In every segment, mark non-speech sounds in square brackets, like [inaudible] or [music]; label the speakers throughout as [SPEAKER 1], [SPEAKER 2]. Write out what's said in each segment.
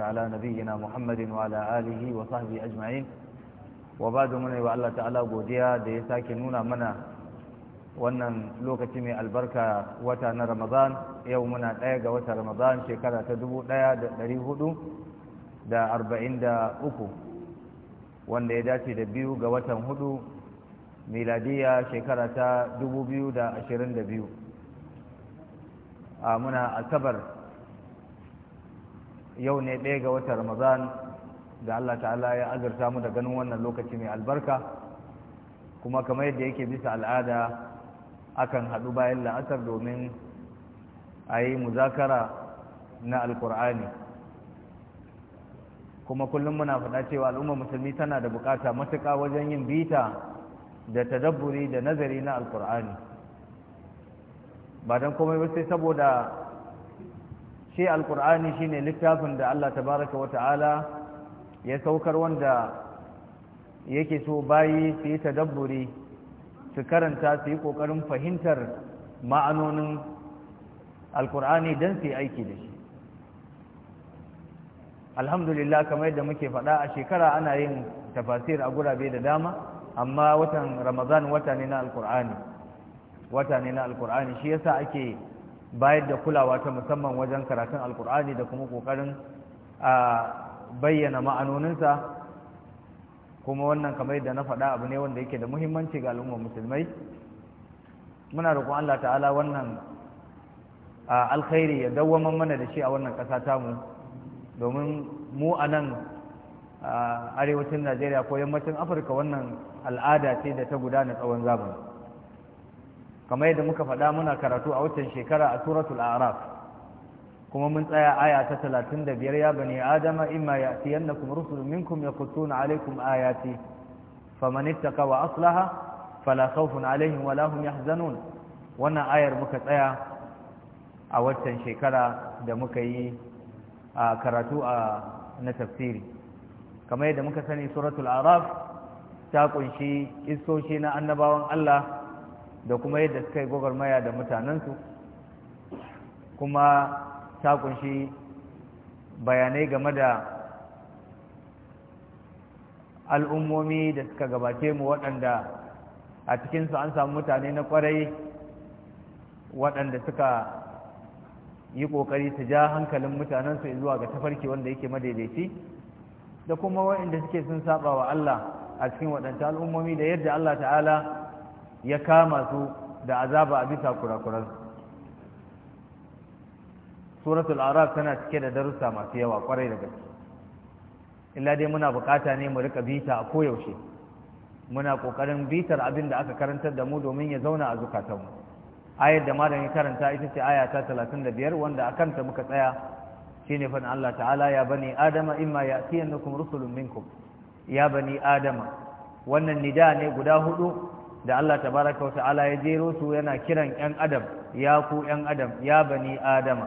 [SPEAKER 1] على نبينا محمد وعلى آله وصحبه أجمعين وبعد من godiya da ya sake nuna mana wannan lokaci mai albarka wata na Ramadan yau muna ɗaya ga wata Ramadan shekara ta dubu ɗaya ɗari hudu da arba'in wanda ya dace da biyu ga watan hudu miladiya shekara ta dubu da ashirin da a muna asabar yau ne ɗaya ga watan ramadan da Allah ta'ala ya azurta mu da ganin wannan lokaci mai albarka kuma kamar yadda yake bisa al'ada akan haɗu bayan la'asar domin a yi muzakara na alkur'ani kuma kullum muna faɗa cewa al'ummar musulmi tana da bukata matuƙa wajen yin bita da tadabburi da nazari na alkur'ani ba don komai ba sai saboda shi alkur'ani shine littafin da Allah tabaraka wa ta'ala ya saukar wanda yake so bayi su yi tadabburi su karanta su yi kokarin fahimtar ma'anonin alkur'ani don su yi aiki da shi alhamdulillah kamar yadda muke faɗa a shekara ana yin tafasir a gurabe da dama amma watan ramadan wata ne na alkur'ani wata ne na alkur'ani shi yasa ake bayar da kulawa ta musamman wajen karatun alkur'ani da kuma kokarin a bayyana ma'anoninsa kuma wannan kamar da na faɗa abu ne wanda yake da muhimmanci ga al'ummar musulmai muna roƙon Allah ta'ala wannan alkhairi ya dawwama mana da shi a wannan ƙasa tamu domin mu a nan arewacin najeriya ko yammacin afirka wannan al'ada ce da ta gudana tsawon zamani kamar yadda muka faɗa muna karatu a watan shekara a suratul araf kuma mun tsaya aya ta talatin da biyar ya bani adama imma ya'tiyannakum rusulun minkum yaquttuna alaykum ayati faman ittaqa wa aslaha fala khawfun alaihim wala hum wannan ayar muka tsaya a waccan shekara da muka yi a karatu a na tafsiri kamar yadda muka sani suratul araf ta kunshi isoshi na annabawan Allah da kuma yadda suka yi gwagwarmaya da mutanensu kuma ta kunshi bayanai game da al'ummomi da suka gabace mu waɗanda a cikinsu an samu mutane na ƙwarai waɗanda suka yi ƙoƙari su ja hankalin mutanensu zuwa ga tafarki wanda yake madaidaici da kuma waɗanda suke sun saba wa Allah a cikin waɗanta al'ummomi da yadda Allah ta'ala ya kama su da azaba a bisa kurakuran suratul araf tana cike da darussa masu yawa kwarai da gaske illa dai muna bukata ne mu rika bita a koyaushe muna kokarin bitar abin da aka karantar da mu domin ya zauna a zukatanmu ayar da malam karanta ita ce aya ta biyar, wanda akan ta muka tsaya shine fa Allah ta'ala ya bani adama imma ya'tiyannakum rusulun minkum ya bani adama wannan nida ne guda hudu da Allah tabaraka wata'ala ya jero su yana kiran yan adam ya ku yan adam ya bani adama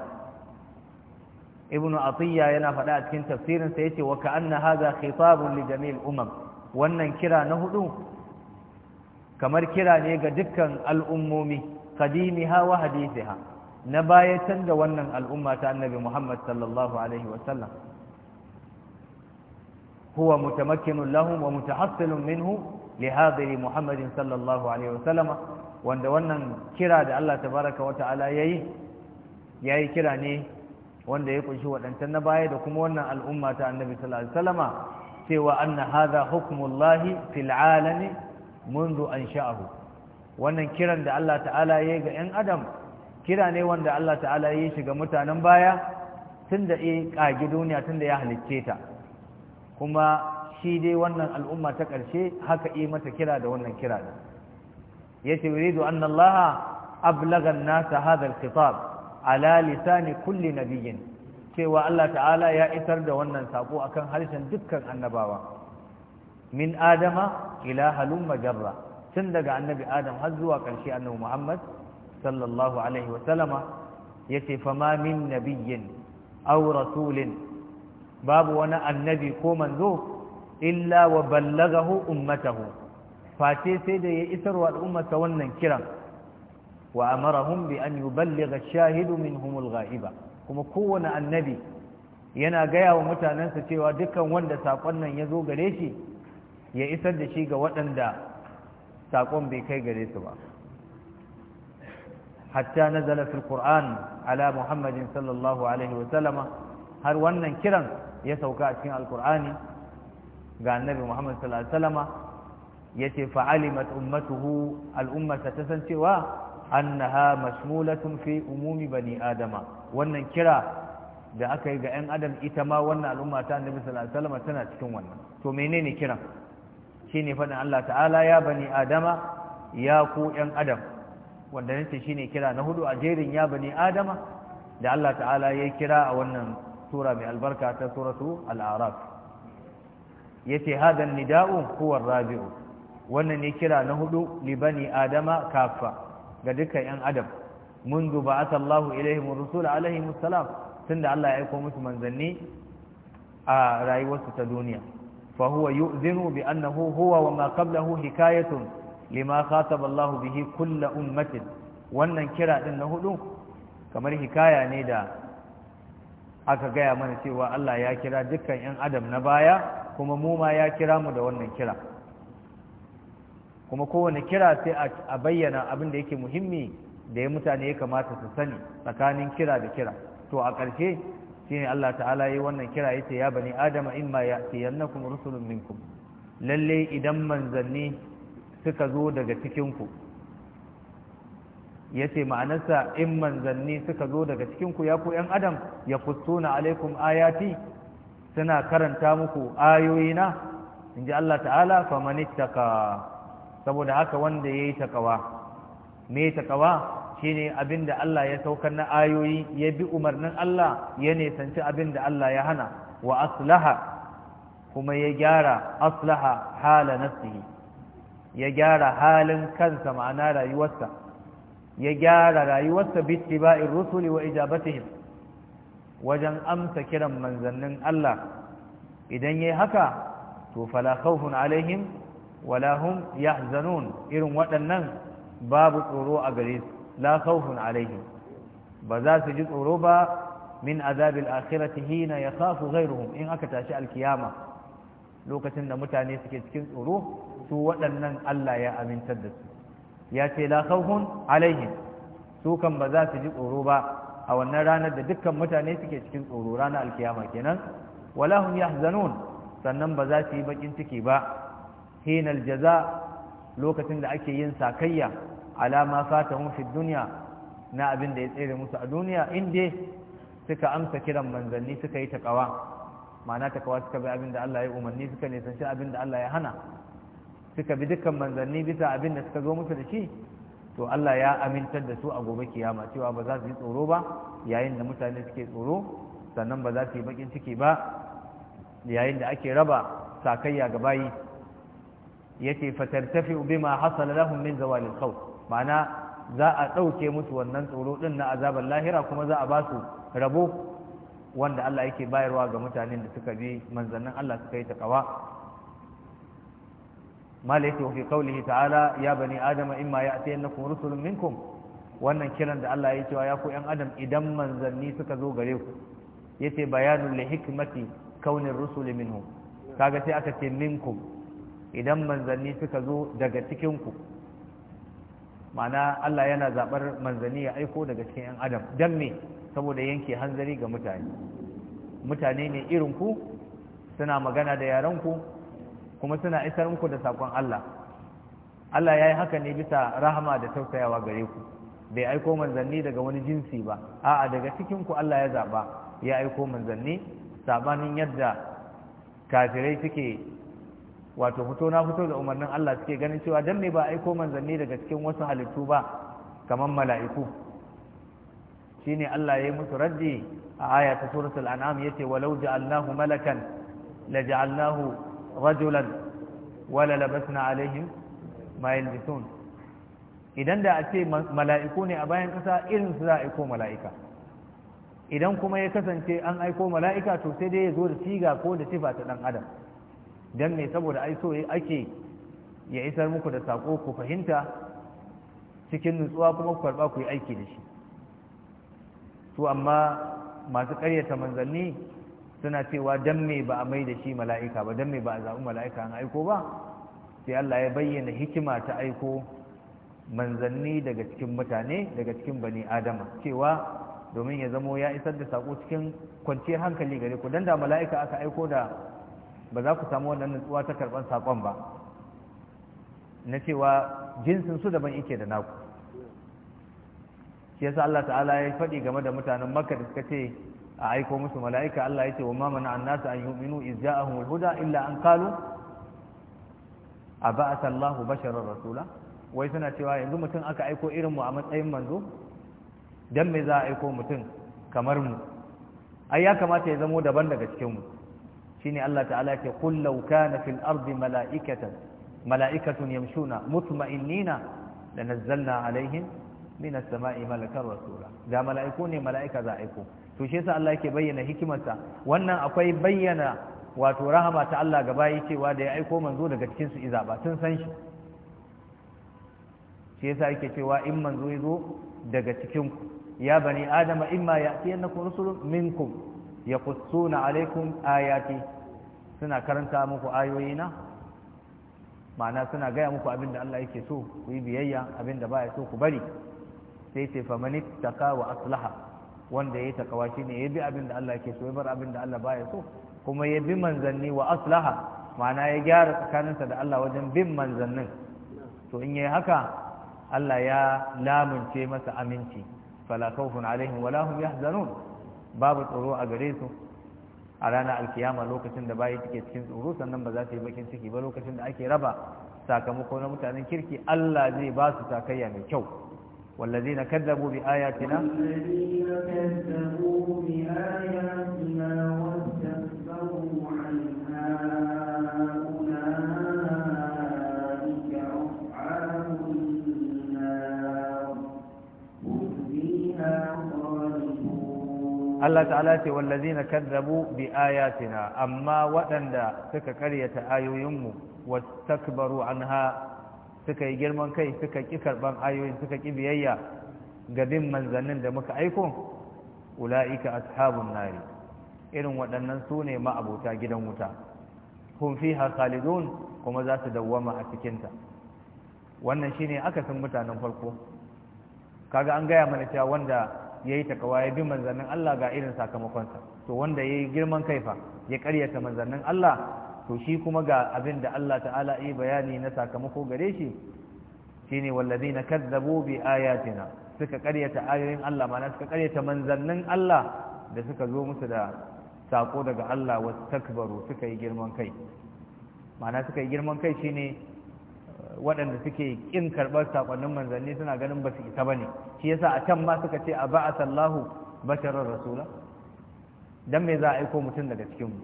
[SPEAKER 1] ibnu atiyya yana faɗa a cikin tafsirin sa yace wa ka'anna hadha khitabun li jami'il umam wannan kira na hudu kamar kira ne ga dukkan al'ummomi qadimiha wa hadithiha na bayatan da wannan al'umma ta annabi Muhammad sallallahu alaihi wa sallam huwa mutamakkinun lahum wa mutahassilun minhu lihadiri muhammadin sallallahu alaihi wasallama wanda wannan kira da Allah tabaraka wa ta'ala yayi yayi kira ne wanda ya kunshi wadantan na baya da kuma wannan al'umma ta annabi sallallahu alaihi wasallama cewa anna hadha hukmullahi fil alami منذ sha'ahu. wannan kiran da Allah ta'ala ya ga 'yan adam kira ne wanda Allah ta'ala ya shiga mutanen baya tunda ya duniya tunda ya halicce ta kuma shi dai wannan al'umma ta ƙarshe haka yi mata kira da wannan kira da yace yuridu anna allaha ablaga an-nas ala lisani kulli nabiyyin cewa Allah ta'ala ya isar da wannan sako akan harshen dukkan annabawa min adama ila halum majarra tun daga annabi adam har zuwa ƙarshe annabi muhammad sallallahu alaihi wa ya yace fama min nabiyyin au rasulin babu wani annabi ko manzo illa wa ballagahu ummatahu Fate sai da ya isar wa al'ummata wannan kiran wa amarahum bi an yuballigha ash-shahidu minhum al-ghaiba kuma kowane annabi yana gaya wa mutanensa cewa dukkan wanda sakon nan ya zo gare shi ya isar da shi ga waɗanda sakon bai kai gare su ba hatta nazala fil qur'an ala muhammadin sallallahu alaihi wa sallama har wannan kiran ya sauka a cikin alqur'ani ga annabi Muhammad sallallahu alaihi wasallama yace fa'alimat ummatuhu al'ummata ta san cewa annaha mashmulatun fi umumi bani adama wannan kira da aka yi ga 'yan adam ita ma wannan al'umma ta annabi sallallahu alaihi tana cikin wannan to menene kiran shine faɗin Allah ta'ala ya bani adama ya ku 'yan adam wanda nace shine kira na hudu a jerin ya bani adama da Allah ta'ala ya kira a wannan sura mai albarka ta suratu al-a'raf ya yace hadan nida'u huwa rabi'u wannan ne kira na hudu li bani adama kaffa ga dukkan yan adam mundu ba'atha Allahu ilayhim rusula alayhi musallam tunda Allah ya aika musu manzanni a rayuwarsu ta duniya fa huwa yu'dhinu bi annahu huwa wa ma qablahu hikayatun lima khataba Allahu bihi kulla ummatin wannan kira ɗin na hudu kamar hikaya ne da aka gaya mana cewa Allah ya kira dukkan 'yan adam na baya kuma mu ma ya kira mu da wannan kira kuma kowane kira sai a bayyana abin da yake muhimmi da ya mutane ya kamata su sani tsakanin kira da kira to a ƙarshe shine Allah ta'ala yi wannan kira ya ce ya bani adama in ya yanna kuma rusulun minkum lalle idan manzanni suka zo daga cikinku ya ce ma'anarsa in manzanni suka zo daga cikinku ya ku ‘yan adam ya kusuna alaikum ayati suna karanta muku ayoyina in ji Allah ta'ala famanittaka saboda haka wanda ya yi takawa me takawa shine abin da Allah ya saukar na ayoyi ya bi umarnin Allah ya nisanci abin da Allah ya hana wa aslaha kuma ya gyara aslaha hala nafsihi ya gyara halin kansa ma'ana rayuwarsa ya gyara rayuwarsa bi ittiba'ir rusuli wa ijabatihim wajen amsa kiran manzannin Allah idan yayi haka to fala khawfun alaihim wala hum yahzanun irin waɗannan babu tsoro a gare su la khawfun alaihim ba za su ji tsoro ba min azabil akhirati hina yakhafu ghayruhum in aka tashi alkiyama lokacin da mutane suke cikin tsoro su waɗannan Allah ya amintar da su ya ce la khawfun alaihim su kan ba za su ji tsoro ba a wannan ranar da dukkan mutane suke cikin tsoro ranar alkiyama kenan wala hum yahzanun sannan ba za su yi bakin ciki ba hinal jaza lokacin da ake yin sakayya alama fatahum fi dunya na abin da ya tsere musu a duniya inda suka amsa kiran manzanni suka yi takawa ma'ana takawa suka bi abin da Allah ya umarni suka nisanci abin da Allah ya hana suka bi dukkan manzanni bisa abin da suka zo musu da shi to Allah ya amintar da su a gobe kiyama cewa ba za su yi tsoro ba yayin da mutane suke tsoro sannan ba za su yi bakin ciki ba yayin da ake raba sakayya ga bayi yace fatartafi bima hasala lahum min zawalil khawf ma'ana za a ɗauke musu wannan tsoro ɗin na azabar lahira kuma za a ba su rabo wanda Allah yake bayarwa ga mutanen da suka bi manzannin Allah suka yi takawa ما ليس وفي قوله تعالى يا بني آدم إما يأتينكم رسل منكم wannan kiran da Allah ya cewa ya ku 'yan adam idan manzanni suka zo gare ku yace bayanul li hikmati kaunin rusuli minhum kaga sai aka ce minkum idan manzanni suka zo daga cikinku? ku ma'ana Allah yana zabar manzanni ya aiko daga cikin 'yan adam dan me saboda yanke hanzari ga mutane mutane ne irin ku suna magana da yaran ku kuma suna isar muku da sakon Allah Allah ya yi haka ne bisa rahama da tausayawa gare ku bai aiko manzanni daga wani jinsi ba a'a daga cikin ku Allah ya zaba ya aiko manzanni sabanin yadda kafirai suke wato fito na fito da umarnin Allah suke ganin cewa dan me ba aiko manzanni daga cikin wasu halittu ba kamar mala'iku shine Allah ya yi musu raddi a aya ta suratul an'am yace walau ja'alnahu malakan la ja'alnahu rajulan wala labasna alaihim ma yalbisun idan da a ce mala'iku ne a bayan ƙasa irin su za a aiko mala'ika idan kuma ya kasance an aiko mala'ika to sai dai ya zo da siga ko da sifa ta ɗan adam dan ne saboda ai so ake ya isar muku da saƙo ku fahimta cikin nutsuwa kuma ku karɓa ku yi aiki da shi to amma masu ƙaryata manzanni suna cewa dan me ba a mai da shi mala'ika ba dan me ba a zaɓi mala'ika an aiko ba sai Allah ya bayyana hikima ta aiko manzanni daga cikin mutane daga cikin bani adama cewa domin ya zamo ya isar da saƙo cikin kwanciyar hankali gare ku dan da mala'ika aka aiko da ba za ku samu wannan nutsuwa ta karɓar saƙon ba na cewa jinsin su daban yake da naku shi yasa Allah ta'ala ya faɗi game da mutanen Makka da suka ce a aiko musu mala'ika Allah ce wa ma mana annasu an yu'minu iz ja'ahum al-huda illa an ba a Sallahu basharan rasula wai suna cewa yanzu mutum aka aiko irin mu a matsayin manzo don me za a aiko mutum kamar mu ai ya kamata ya zamo daban daga cikinmu. mu shine Allah ta'ala ke kullauka na kana fil ardi mala'ikatan mala'ikatun yamshuna mutma'innina lanazzalna alaihim min as-sama'i malakan rasula da mala'iku ne mala'ika za a aiko to shi yasa Allah yake bayyana hikimarsa wannan akwai bayyana wato rahama ta Allah ga bayi cewa da ya aiko manzo daga cikin su izaba tun san shi shi yasa yake cewa in manzo yazo daga cikin ku ya bani adama imma ya'tiyannakum rusulun minkum yaqussuna alaikum ayati suna karanta muku ayoyi na ma'ana suna gaya muku abin da Allah yake so ku yi biyayya abin da baya so ku bari sai ce famanittaka wa aslaha wanda ya yi takawa ne ya bi abin da Allah ke so ya bar abin da Allah baya so kuma ya bi manzanni wa aslaha ma'ana ya gyara tsakaninsa da Allah wajen bin manzannin to in yayi haka Allah ya lamunce masa aminci fala khawfun alaihim wala hum yahzanun babu tsoro a gare su a ranar alkiyama lokacin da bayi take cikin tsoro sannan ba za ta yi bakin ciki ba lokacin da ake raba sakamako na mutanen kirki Allah zai ba su sakayya mai kyau والذين كذبوا بآياتنا
[SPEAKER 2] والذين كذبوا بآياتنا واستكبروا عنها أولئك أصحاب النار هم فيها خالدون
[SPEAKER 1] الله تعالى والذين كذبوا بآياتنا أما وأن سك قرية آيوهم واستكبروا عنها suka yi girman kai suka ƙi karɓan ayoyin suka ƙi biyayya ga bin manzannin da muka aiko ula'ika ashabun nari irin waɗannan su ne maabuta gidan wuta fi har khalidun kuma za su dawwama a cikinta wannan shine akasin mutanen farko kaga an gaya mana cewa wanda ya yi takawa ya bi manzannin Allah ga irin sakamakonsa to wanda ya yi girman kaifa ya karyata manzannin Allah to shi kuma ga abin da Allah ta'ala yi bayani na sakamako gare shi shine wallazina kazzabu bi ayatina suka karyata ayoyin Allah ma'ana suka karyata manzannin Allah da suka zo musu da sako daga Allah takbaru. suka yi girman kai ma'ana suka yi girman kai shine eh, waɗanda suke ƙin karɓar saƙonnin manzanni suna ganin ba su isa ba ne shi yasa a can ma suka ce a ba'a sallahu basharar rasula don me za a aiko mutum daga cikin mu?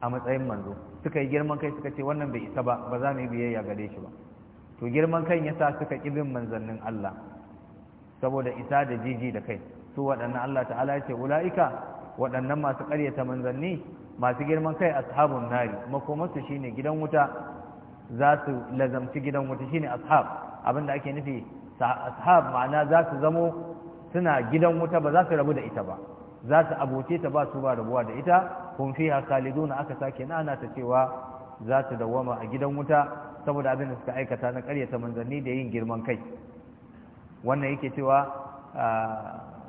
[SPEAKER 1] a matsayin manzo suka yi girman kai suka ce wannan bai isa ba ba za mu yi biyayya gare shi ba to girman kan yasa suka ƙi bin manzannin Allah saboda isa da jiji da kai su waɗannan Allah ta'ala ya ce ula'ika waɗannan masu ƙaryata manzanni masu girman kai ashabun nari makomarsu shine gidan wuta za su lazamci gidan wuta shine ashab abinda ake nufi ashab ma'ana za su zamo suna gidan wuta ba za su rabu da ita ba za su aboce ta ba su ba rabuwa da ita kun fiya khaliduna aka sake nana ta cewa za ta dawama a gidan wuta saboda abin da suka aikata na karyata manzanni da yin girman kai wannan yake cewa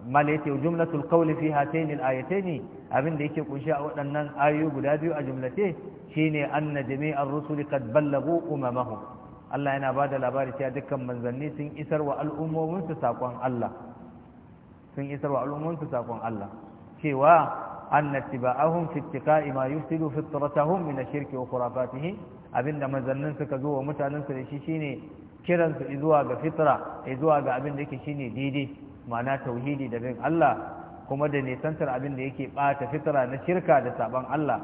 [SPEAKER 1] mala jumlatul qawli fi hatayn al ayatayn abin da yake kunshi a waɗannan ayoyi guda biyu a jumlace shine anna jami'ar rusuli qad ballagu umamahum Allah yana bada labari cewa dukkan manzanni sun isar wa al'ummomin su sakon Allah sun isar wa al'ummansu sakon Allah cewa annatiba'ahum tiba'ahum fi ittiqa'i ma yufsidu fitratahum min ash-shirki wa khurafatih abinda manzannin suka zo wa mutanen su da shi shine kiran su zuwa ga fitra zuwa ga abin da yake shine daidai ma'ana tauhidi da bin Allah kuma da nisantar abin da yake bata fitra na shirka da saban Allah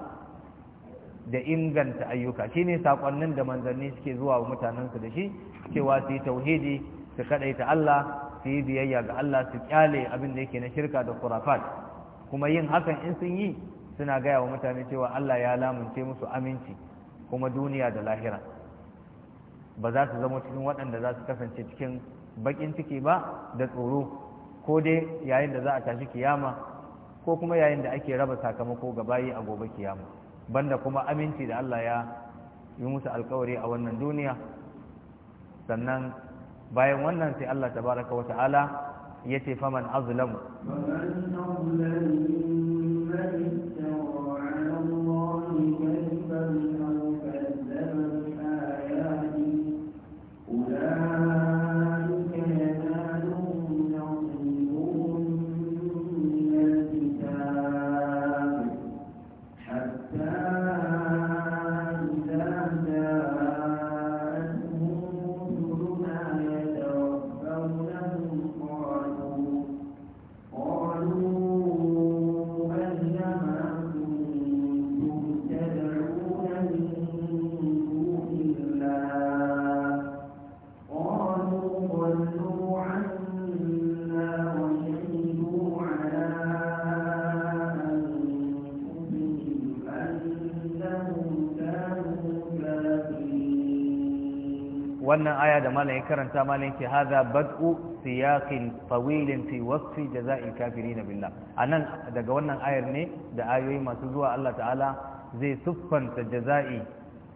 [SPEAKER 1] da inganta ayyuka shine sakonnin da manzanni suke zuwa wa mutanen su da shi cewa su yi tauhidi su kadaita Allah su yi biyayya ga Allah su kyale abin da yake na shirka da kurafat kuma yin hakan in sun yi suna gaya wa mutane cewa Allah ya lamunce musu aminci kuma duniya da lahira ba za su zama cikin waɗanda za su kasance cikin baƙin ciki ba da tsoro ko dai yayin da za a tashi kiyama ko kuma yayin da ake raba sakamako ga bayi a gobe kiyama banda kuma aminci da Allah ya yi musu alkawari a wannan duniya sannan bayan wannan sai Allah tabaraka wa ta'ala ya ce faman azlamu wannan aya da malam ya karanta malam ce haza bad'u siyaqin tawilin fi wasfi jaza'il kafirin billah anan daga wannan ayar ne da ayoyi masu zuwa Allah ta'ala zai siffanta jaza'i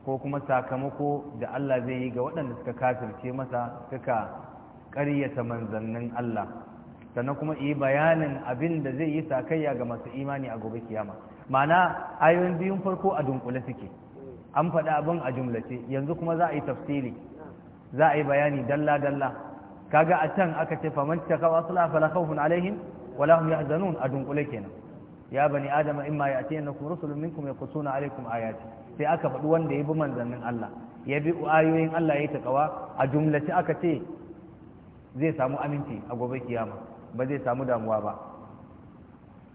[SPEAKER 1] ko kuma sakamako da Allah zai yi ga waɗanda suka kafirce masa suka ƙaryata manzannin Allah sannan kuma yi bayanin abin da zai yi sakayya ga masu imani a gobe kiyama ma'ana ayoyin biyun farko a dunkule suke an faɗa abin a jumlace yanzu kuma za a yi tafsiri za a yi bayani dalla dalla kaga a can aka ce faman taqaw asla fala khawfun alaihim wala hum yahzanun a dunkule kenan ya bani adama yana kuma rusulun minkum yaqussuna alaikum ayati sai aka faɗi wanda ya bi manzannin Allah ya bi ayoyin Allah ya yi ta kawa a jumlace aka ce zai samu aminci a gobe kiyama ba zai samu damuwa ba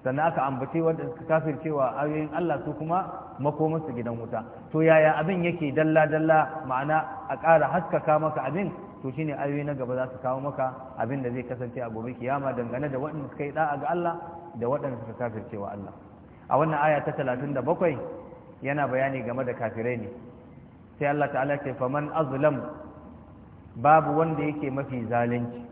[SPEAKER 1] sannan aka ambace wanda suka kafir cewa ayoyin Allah su kuma su gidan wuta to yaya abin yake dalla dalla ma'ana a ƙara haskaka maka abin to shine ayoyi na gaba za su kawo maka abin da zai kasance a gobe kiyama dangane da waɗanda suka yi da'a ga Allah da waɗanda suka kafir cewa Allah a wannan aya ta talatin da 37 yana bayani game da kafirai ne sai Allah ta'ala ce faman azlam babu wanda yake mafi zalunci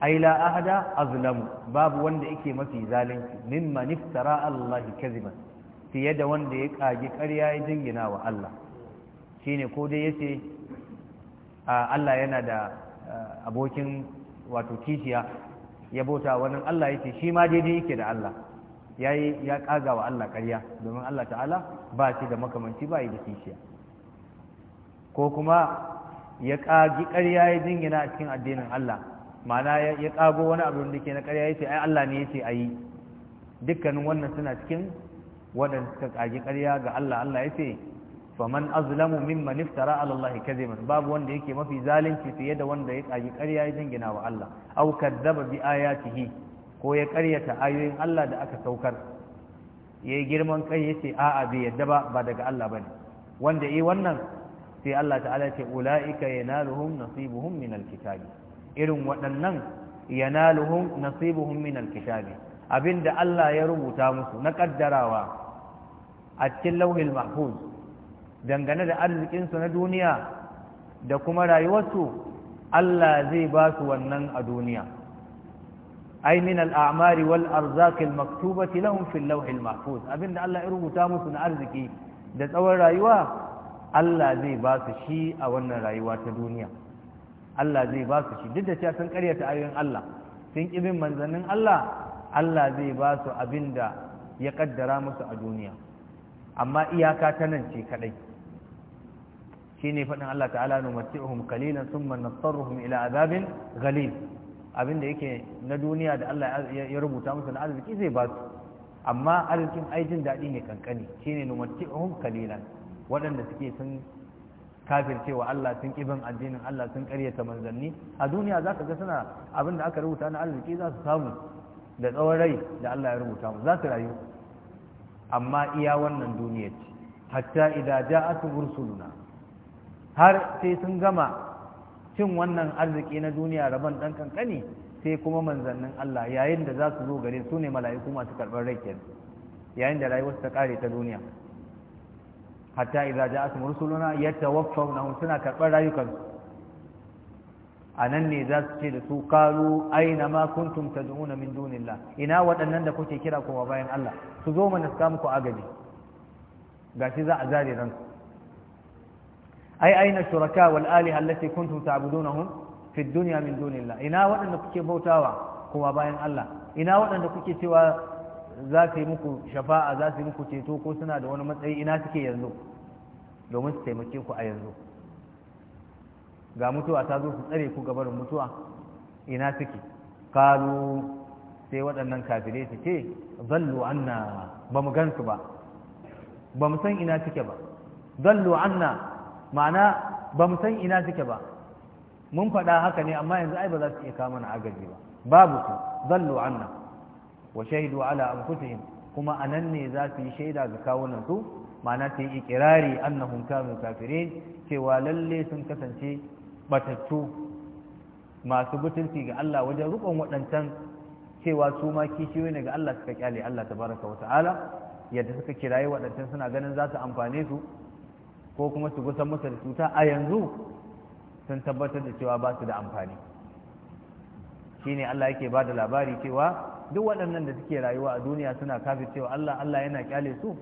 [SPEAKER 1] aila ahada azlamu babu wanda yake mafi zalunci mimma niftara Allah kaziban fiye da wanda ya kage ƙarya ya jingina wa Allah shine ko dai yace Allah yana da abokin wato kishiya ya bota wani Allah yace shi ma daidai yake da Allah yayi ya kaga wa Allah ƙarya domin Allah ta'ala ba shi da makamanci ba yi da kishiya ko kuma ya kagi ƙarya ya jingina a cikin addinin Allah ma'ana ya kago wani abu da ke na ƙarya ce ai Allah ne yace ayi dukkanin wannan suna cikin waɗanda suka karya ƙarya ga Allah Allah yace faman azlamu mimman iftara ala Allah kadhiban babu wanda yake mafi zalunci fiye da wanda ya kage ƙarya ya jingina wa Allah aw kadzaba bi ayatihi ko ya ƙaryata ayoyin Allah da aka saukar yayi girman kai yace a'a bai yadda ba ba daga Allah bane wanda yi wannan sai Allah ta'ala ce ula'ika yanaluhum nasibuhum min alkitabi irin waɗannan yanaluhum nasibuhum min alkitabi abinda Allah ya rubuta musu na kaddarawa a cikin lauhil mahfuz dangane da arzikin su na duniya da kuma rayuwarsu Allah zai ba su wannan a duniya ai min al'amari wal arzaq al maktubati lahum fil lawh mahfuz abinda Allah ya rubuta musu na arziki da tsawon rayuwa Allah zai ba su shi a wannan rayuwa ta duniya Allah zai ba su shi duk da cewa sun karyata ayoyin Allah sun ƙi bin manzannin Allah Allah zai ba su abin da ya kaddara musu a duniya amma iyaka ta nan ce kadai ne faɗin Allah ta'ala nu matti'uhum qalilan thumma nattaruhum ila azabin ghalib abin da yake na duniya da Allah ya rubuta musu na arziki zai ba su amma arzikin aijin daɗi ne kankani shine nu matti'uhum waɗanda suke sun cewa Allah sun kiban addinin Allah sun karyata manzanni a duniya za ka ga suna abin da aka rubuta na arziki za su samu da tsawon rai da Allah ya rubuta mu za su rayu amma iya wannan duniya ce hatta idza ja'atu rusuluna har sai sun gama cin wannan arziki na duniya rabon dan kankani sai kuma manzannin Allah yayin da za su zo gare su ne mala'iku masu karɓar rai kenan yayin da rayuwar ta kare ta duniya hatta idza ja'atuhum rusuluna yatawaffawnahum suna karɓar rayukansu A nan ne za su ce da su qalu aina ma kuntum tad'una min dunillah ina waɗannan da kuke kira kuma bayan Allah su zo mana su muku agaji gashi za a zare ransu ai aina shuraka wal aliha allati kuntum ta'budunahum fi dunya min dunillah ina waɗanda kuke bautawa kuma bayan Allah ina waɗanda kuke cewa za su yi muku shafa'a za su yi muku ceto ko suna da wani matsayi ina suke yanzu domin su taimake ku a yanzu ga mutuwa ta zo su tsare ku gabarin mutuwa ina suke kalu sai waɗannan kafirai su ce zallu anna ba mu gansu ba ba mu san ina suke ba zallu anna ma'ana ba mu san ina suke ba mun faɗa haka ne amma yanzu ai ba za su iya kama na agaji ba babu su zallu anna wa shahidu ala anfusihim kuma anan ne za su yi shaida ga kawunan su ma'ana su yi ikirari annahum kanu kafirin cewa lalle sun kasance batattu masu butulci ga Allah wajen rukun waɗancan cewa su ma kishiyoyi ne ga Allah suka kyale Allah tabaraka wata'ala yadda suka kirayi waɗancan suna ganin za su amfane su ko kuma su gusan musu da cuta a yanzu sun tabbatar da cewa ba su da amfani shine Allah yake ba da labari cewa duk waɗannan da suke rayuwa a duniya suna kafin cewa Allah Allah yana kyale su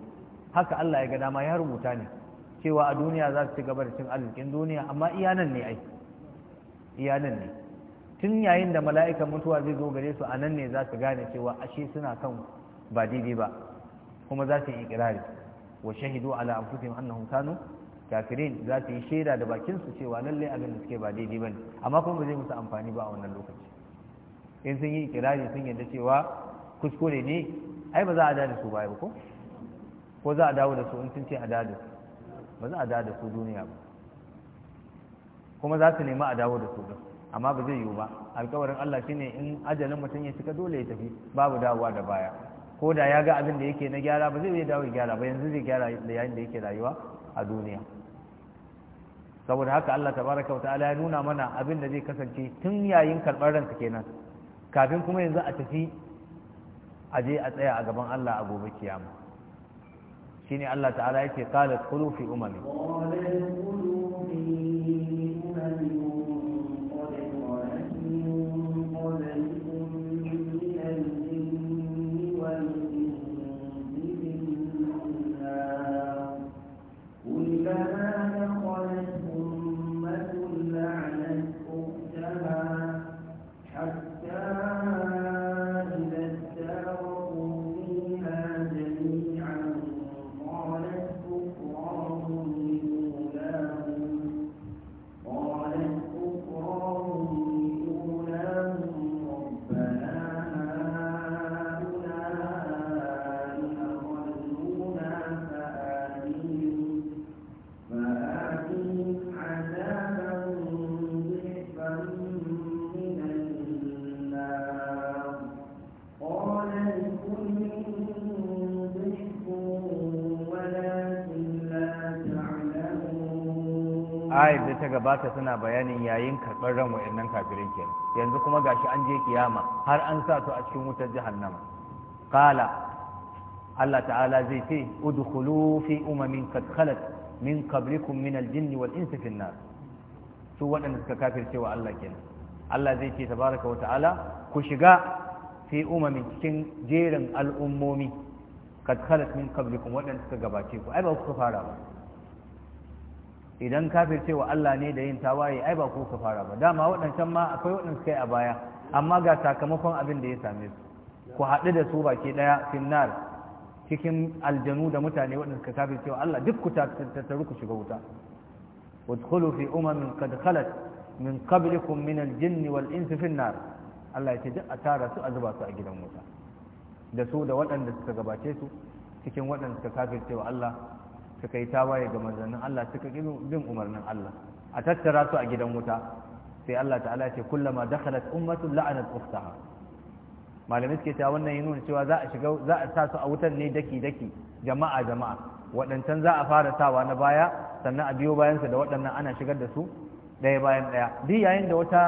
[SPEAKER 1] haka Allah ya ga dama ya rubuta ne cewa a duniya za su ci gaba da cin arzikin duniya amma iyanan ne ai iyanan ne tun yayin da mala'ikan mutuwa zai zo gare su a nan ne za su gane cewa ashe suna kan ba daidai ba kuma za su yi ikirari wa shahidu ala anfusihim annahum kanu kafirin za su yi shaida da bakin su cewa lalle abin da suke ba daidai bane amma kuma ba zai musu amfani ba a wannan lokaci in sun yi ikirari sun yadda cewa kuskure ne ai ba za a da da su ba ko ko za a dawo da su in sun ce a da da su ba za a da da su duniya ba kuma za su nemi a dawo da su ba amma ba zai yiwu ba alkawarin Allah shine in ajalin mutum ya cika dole ya tafi babu dawowa da baya ko da ya ga abin da yake na gyara ba zai iya dawo gyara ba yanzu zai gyara da yayin da yake rayuwa a duniya saboda haka Allah tabaraka wa ta'ala ya nuna mana abin da zai kasance tun yayin karɓar ranka kenan kafin kuma yanzu a tafi a je a tsaya a gaban Allah a gobe kiyama shine Allah ta'ala yake qala khulu fi umami gabata suna bayanin yayin karɓar ran wa'annan kafirai ke yanzu kuma gashi an je kiyama har an sa su a cikin wutar jahannama qala Allah ta'ala zai ce udkhulu fi umamin qad khalat min qablikum min al-jinn wal insi fi an-nar su waɗanda suka kafirce wa Allah kenan Allah zai ce tabaraka wa ta'ala ku shiga fi umamin cikin jerin al'ummomi qad khalat min qablikum waɗanda suka gabace ku ai ba ku fara ba idan cewa Allah ne da yin tawaye ai ba ku ka fara ba dama waɗancan ma akwai waɗanda suka yi a baya amma ga sakamakon abin da ya same su ku haɗu da su baki ɗaya finnar cikin aljanu da mutane waɗanda suka cewa Allah duk ku tattaru ku shiga wuta wadkhulu fi umamin qad khalat min qablikum min aljinn wal insi finnar Allah ya ce duk a tara su a zuba su a gidan wuta da su da waɗanda suka gabace su cikin waɗanda suka cewa Allah suka yi tawaye ga manzannin Allah suka ƙi bin umarnin Allah a tattara su a gidan wuta sai Allah ta'ala ce kullama dakhalat ummatun la'anat ukhtaha malamai suke cewa wannan ya nuna cewa za a shiga za a sa su a wutan ne daki daki jama'a jama'a waɗancan za a fara sawa na baya sannan a biyo bayansa da waɗannan ana shigar da su ɗaya bayan ɗaya duk yayin da wata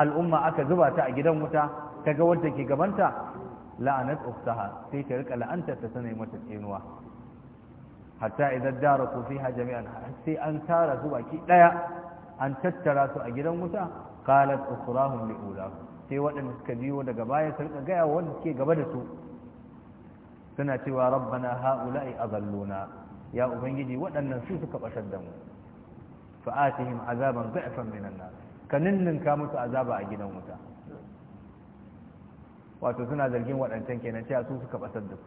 [SPEAKER 1] al'umma aka zuba ta a gidan wuta ta ga wadda ke gabanta la'anat uktaha sai ta rika la'antar ta sanai mata tsinuwa hatta idan dara ku fiha jami'an sai an tara su baki daya an tattara su a gidan wuta qalat ukhrahum li sai waɗanda suka biyo daga baya su rika gaya wa wanda suke gaba da su suna cewa rabbana haula'i azalluna ya ubangiji waɗannan su suka bashar da mu fa'atihim azaban da'fan minan nar ka ninninka musu azaba a gidan wuta wato suna zargin waɗancan kenan cewa su suka basar da su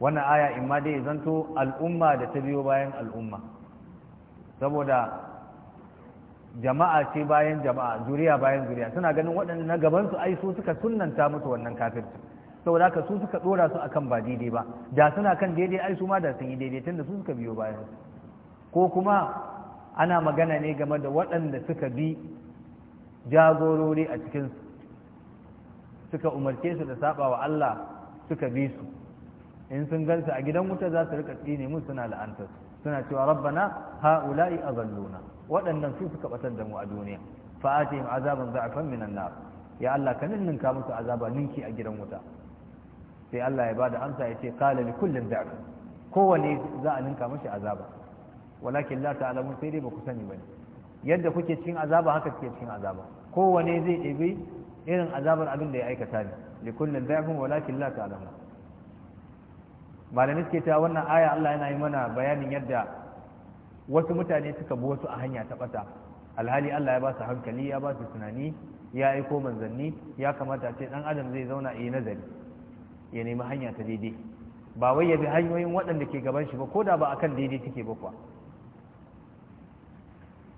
[SPEAKER 1] wannan aya in ma dai zanto al'umma da ta biyo bayan al'umma saboda jama'a ce bayan jama'a zuriya bayan zuriya suna ganin waɗanda na gaban su ai su suka sunnanta musu wannan kafirci saboda haka su suka dora su akan ba daidai ba da suna kan daidai ai su ma da sun yi daidai da su suka biyo bayan ko kuma ana magana ne game da waɗanda suka bi jagorori a cikin suka umarce su da saba wa Allah suka bi su in sun gansu a gidan wuta za su rika tsine mun suna la'antar suna cewa rabbana haula'i azalluna waɗannan su suka batar da mu a duniya fa atihim azaban za'fan minan nar ya Allah ka ninninka musu azaba ninki a gidan wuta sai Allah ya bada amsa ya ce qala li kullin da'f kowane za a ninka mashi azaba walakin la ta'lamun sai dai ba ku sani bane yadda kuke cikin azaba haka kuke cikin azaba kowane zai ɗebi irin azabar abin da ya aikata ne li kullin da'f walakin la ta'lamun malami suke cewa wannan aya Allah yana yi mana bayanin yadda wasu mutane suka bi wasu a hanya ta bata alhali Allah ya ba su hankali ya ba su tunani ya aiko manzanni ya kamata ce dan adam zai zauna yi nazari ya nemi hanya ta daidai ba wai ya bi hanyoyin waɗanda ke gaban shi ba ko da ba akan daidai take ba kuwa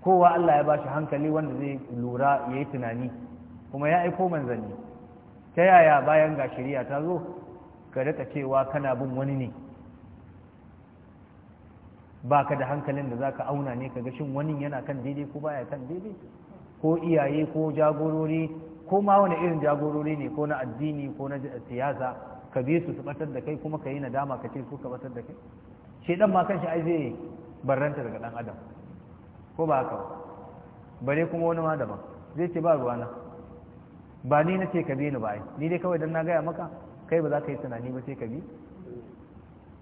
[SPEAKER 1] kowa Allah ya ba shi hankali wanda zai lura ya yi tunani kuma ya aiko manzanni ta yaya bayan ga shari'a ta zo ka rika cewa kana bin wani ne ba ka da hankalin da za ka auna ne ka ga shin wani yana kan daidai ko baya kan daidai ko iyaye ko jagorori ko ma wani irin jagorori ne ko na addini ko na siyasa ka bi su su batar da kai kuma ka yi nadama ka ce su ka batar da kai dan ma kanshi ai zai barranta daga dan adam ko ba haka bare kuma wani ma daban zai ce ba ruwana ba ni na ce ka bi ni ba ni dai kawai dan na gaya maka kai ba za ka yi tunani ba sai ka bi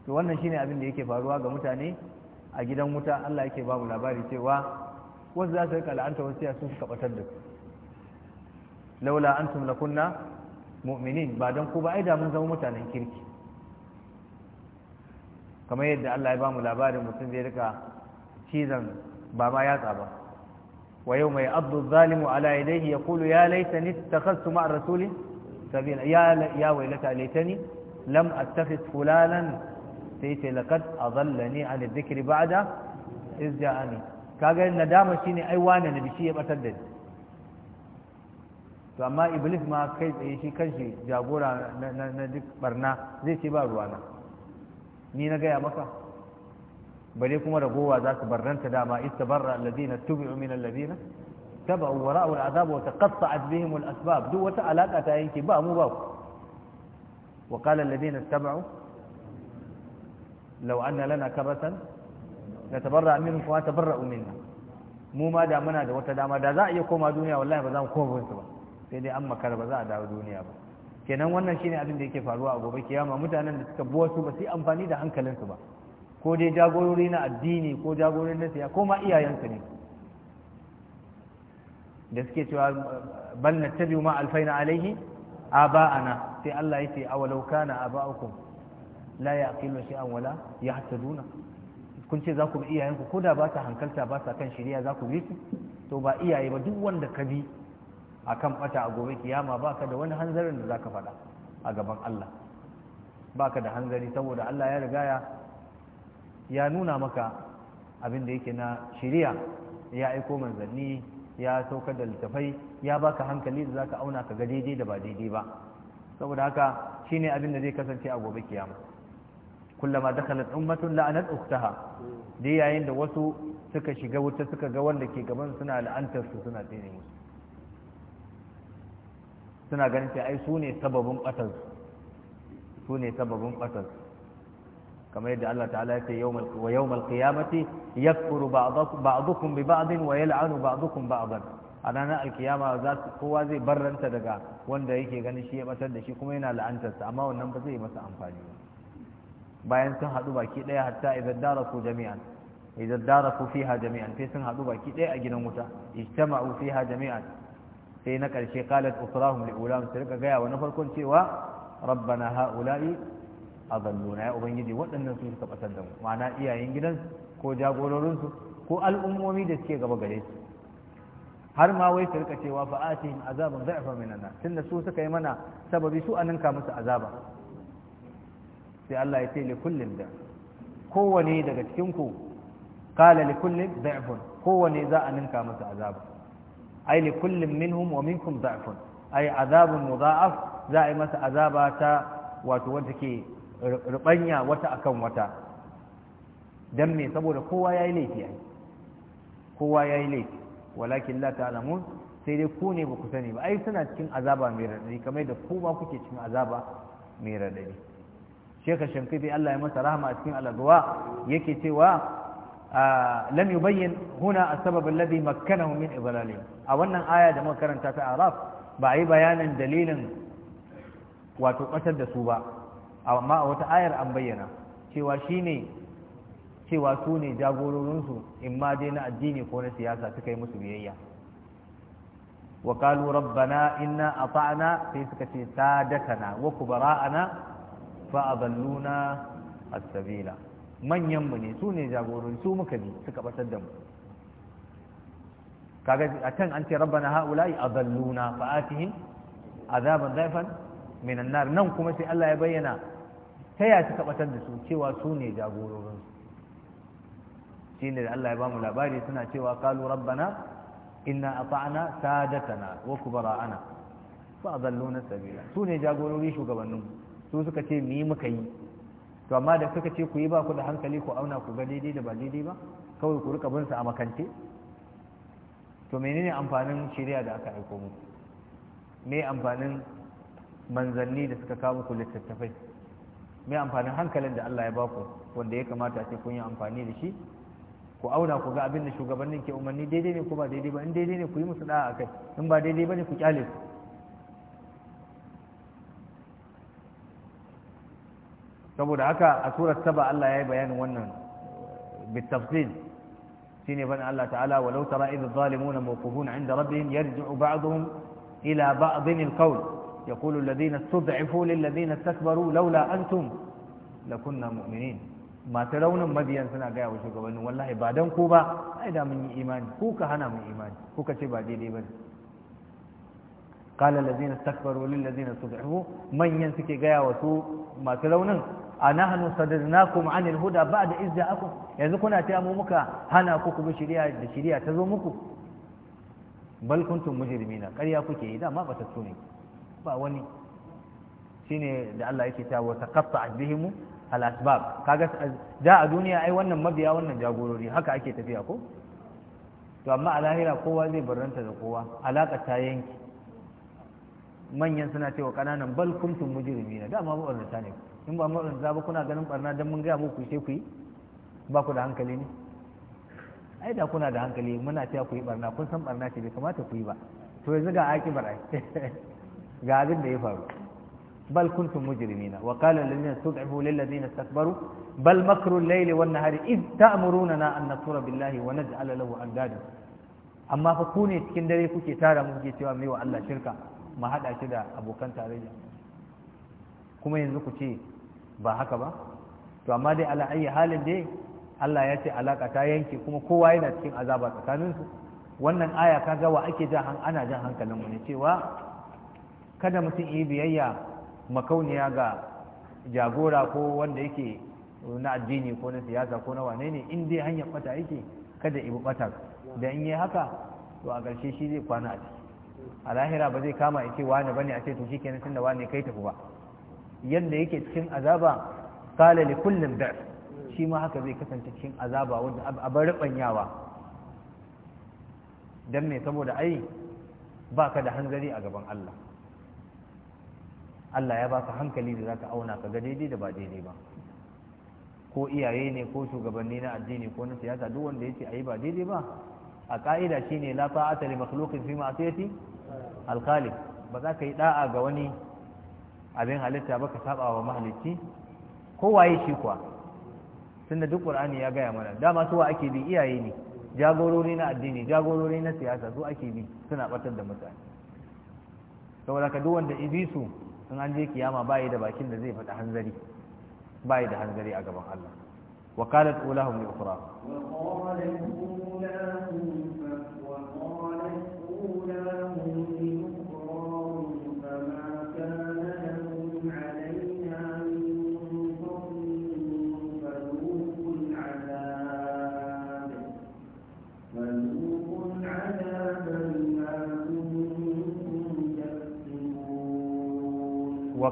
[SPEAKER 1] to wannan shine abin da yake faruwa ga mutane a gidan wuta Allah yake ba mu labari cewa wasu za su rika la'anta wasu ya sun suka batar da ku laula tun lakunna mu'minin ba don ku ba ai da mun zama mutanen kirki kamar yadda Allah ya ba mu labarin mutum zai rika cizon ba ma yatsa ba wa yau mai abdu zalimu ala ya kulu ya ta ittakhadtu ma'ar rasuli sabila ya ya wailata laitani lam attakhid fulanan sai ce laqad adallani an dhikri ba'da iz ja'ani kaga nadama shine ai wane nabi ya batar to amma iblis ma kai tsaye shi kanshi jagora na duk barna zai ce ba ruwana ni na gaya maka bare kuma ragowa za su barranta dama istabarra alladhina tubi'u min alladhina tabau wara'ul azabu, wata taqatta'at bihim al-asbab duk wata alaƙa ta yanke ba mu ba wa qala alladhina ittaba'u law anna lana karatan natabarra minhum wa tabarra'u minna mu ma da muna da wata dama da za a iya koma duniya wallahi ba za mu koma ba sai dai an makara ba za a dawo duniya ba kenan wannan shine abin da yake faruwa a gobe kiyama mutanen da suka buwa su ba su yi amfani da hankalinsu ba ko dai jagorori na addini ko jagorori na siya ko ma iyayensu ne da suke cewa bal tabi ma alfaina alaihi a ba'ana sai Allah ya yace awalau kana aba'ukum la shi an wala ya duna kun ce za ku bi iyayenku ko da ba sa hankalta ba sa kan shirya za ku bi su to ba iyaye ba duk wanda ka bi a kan bata a gobe kiyama ba ka da wani hanzarin da za ka faɗa a gaban Allah ba ka da hanzari saboda Allah ya riga ya nuna maka abin da yake na shirya ya aiko manzanni ya saukar da littafai ya baka hankali da zaka auna ka ga daidai da ba daidai ba saboda haka shine abin da zai kasance a gobe kiyama kullama dakhalat ummatun la'anat ukhtaha da yayin da wasu suka shiga wuta suka ga wanda ke gaban suna la'antar su suna tsine musu suna ganin sai ai su ne sababin batar su ne sababin batar su kamar yadda Allah ta'ala ya ce wa yawmal qiyamati yakfuru ba'dukum bi ba'din wa yal'anu ba'dukum ba'dan a ranar alkiyama za kowa zai bar ranta daga wanda yake ganin shi ya batar da shi kuma yana la'antarsa amma wannan ba zai masa amfani bayan sun haɗu baki ɗaya hatta idan darasu jami'an idan darasu fiha jami'an sai sun haɗu baki ɗaya a gidan wuta ijtama'u fiha jami'an sai na ƙarshe qalat ukrahum li ulam su rika gaya wa na farkon cewa rabbana ha'ula'i A adalluna ya ubangiji waɗannan su suka batar da mu ma'ana iyayen gidan ko jagororinsu ko al'ummomi da suke gaba gare su har ma wai su rika cewa fa atihim azaban da'fa min anna tunda su suka yi mana sababi su anan ka musu azaba sai Allah ya ce li kullin da kowane daga cikin ku qala li kullin da'fun kowane za a ninka musu azaba ai li kullin minhum wa minkum da'fun ai azabun mudha'af za a yi masa azaba ta wato wanda ke rubanya wata akan wata dan me saboda kowa yayi laifi ai kowa yayi laifi walakin la ta'lamun sai dai ku ne ba ku sani ba ai suna cikin azaba mai radadi kamar da ku ba kuke cikin azaba mai radadi sheka shankiti Allah ya masa rahama a cikin alagwa yake cewa ah, lam yubayyin huna asbab alladhi makkanahu min idlalin a wannan aya da muka karanta ta araf ba yi bayanin dalilin wato kasar da su ba amma a wata ayar an bayyana cewa shine cewa su ne jagororinsu in ma dai na addini ko na siyasa suka yi musu biyayya wa kalu rabbana inna ata'na sai suka ce sadatana wa kubara'ana fa adalluna as-sabila manyan mu ne su ne jagororin su muka bi suka batar da mu kaga a can an ce rabbana haula'i adalluna fa atihim azaban dhaifan min an-nar nan kuma sai Allah ya bayyana ta ya suka batar da su cewa su ne jagororin su ne da Allah ya bamu labari suna cewa kalu rabbana inna ata'na sadatana wa kubara'ana fa adalluna sabila su ne jagorori shugabannin su suka ce mi muka yi to amma da suka ce ku yi ba ku da hankali ku auna ku ga daidai da ba daidai ba kawai ku rika bin su a makance to menene amfanin shari'a da aka aiko muku me amfanin manzanni da suka kawo muku littattafai mai amfanin hankalin da Allah ya ba ku wanda ya kamata ce kun yi amfani da shi ku auna ku ga abin da shugabannin ke umarni daidai ne ko ba daidai ba in daidai ne ku yi musu da'a kai in ba daidai ba ne ku kyale su saboda haka a surar saba Allah ya yi bayanin wannan eh, bitafsil shi ne bani Allah ta'ala walau tara idh zalimuna mawqufun 'inda rabbihim yarji'u ba'dhum ila ba'dhin al يقول الذين استضعفوا للذين استكبروا لولا أنتم لكنا مؤمنين ما ترون مديان سنا قاعدة وشكبان والله بعدن كوبا أيضا من إيمان كوكا هنا من إيمان كوكا شبا دي دي بل قال الذين استكبروا للذين استضعفوا من ينسك قاعدة وسو ما ترون أنحن صدرناكم عن الهدى بعد إذ جاءكم يعني كنا تأمومك هنا كوكو بشريعة بشريعة تزومكم bal kuntum mujrimina ƙarya kuke yi dama ما ne ba wani shine da Allah yake ta wa taqatta'at bihim al asbab kaga da a duniya ai wannan mabiya wannan jagorori haka ake tafiya ko to amma a lahira kowa zai barranta da kowa alaka ta yanki manyan suna cewa kananan bal kuntum mujrimina dama mu'arrata ne in ba mu'arrata ba kuna ganin barna dan mun ga muku sai ku yi ba ku da hankali ne ai da kuna da hankali muna cewa ku yi barna kun san barna ce bai kamata ku yi ba to yanzu ga akibar barai. [laughs] ga abin da ya faru bal kuntum mujrimina wa qala alladhina stud'ifu lil ladina bal makru al-layli wan nahari id na an nakfura billahi wa naj'ala lahu andada amma fa ku ne cikin dare kuke tara mu kuke cewa mai wa Allah shirka mu hada shi da abokan tarayya kuma yanzu ku ce ba haka ba to amma dai ala ayi halin dai Allah ya ce alaka ta yanke kuma kowa yana cikin azaba tsakaninsu wannan aya kaga wa ake jan ana jan hankalin mu ne cewa kada mutum yi biyayya makauniya ga jagora ko wanda yake na addini ko na siyasa ko na wane ne in dai hanyar bata yake kada ibi bata da in yi haka to a ƙarshe shi zai kwana a ciki a lahira ba zai kama ya ce wane bane a ce to shi kenan tunda wane kai tafi ba yadda yake cikin azaba kala li kullum da shi ma haka zai kasance cikin azaba wanda bar ribanyawa dan me saboda ai baka da hanzari a gaban Allah Allah ya baka hankali da za ka auna ka ga daidai da ba daidai ba ko iyaye ne ko shugabanni na addini ko na siyasa duk wanda yace ayi ba daidai ba a ka'ida shine la ta'ata li makhluqin fi ma'siyati al-khaliq ba za ka yi da'a ga wani abin halitta ba ka saba wa mahalicci ko waye shi kuwa tunda duk qur'ani ya gaya mana dama suwa ake bi iyaye ne jagorori na addini jagorori na siyasa su ake bi suna batar da mutane saboda ka duk wanda ibisu in an je kiyama bayi da bakin da zai faɗi hanzari bayi da hanzari a gaban Allah wa qalat ulahum li ukhra
[SPEAKER 2] wa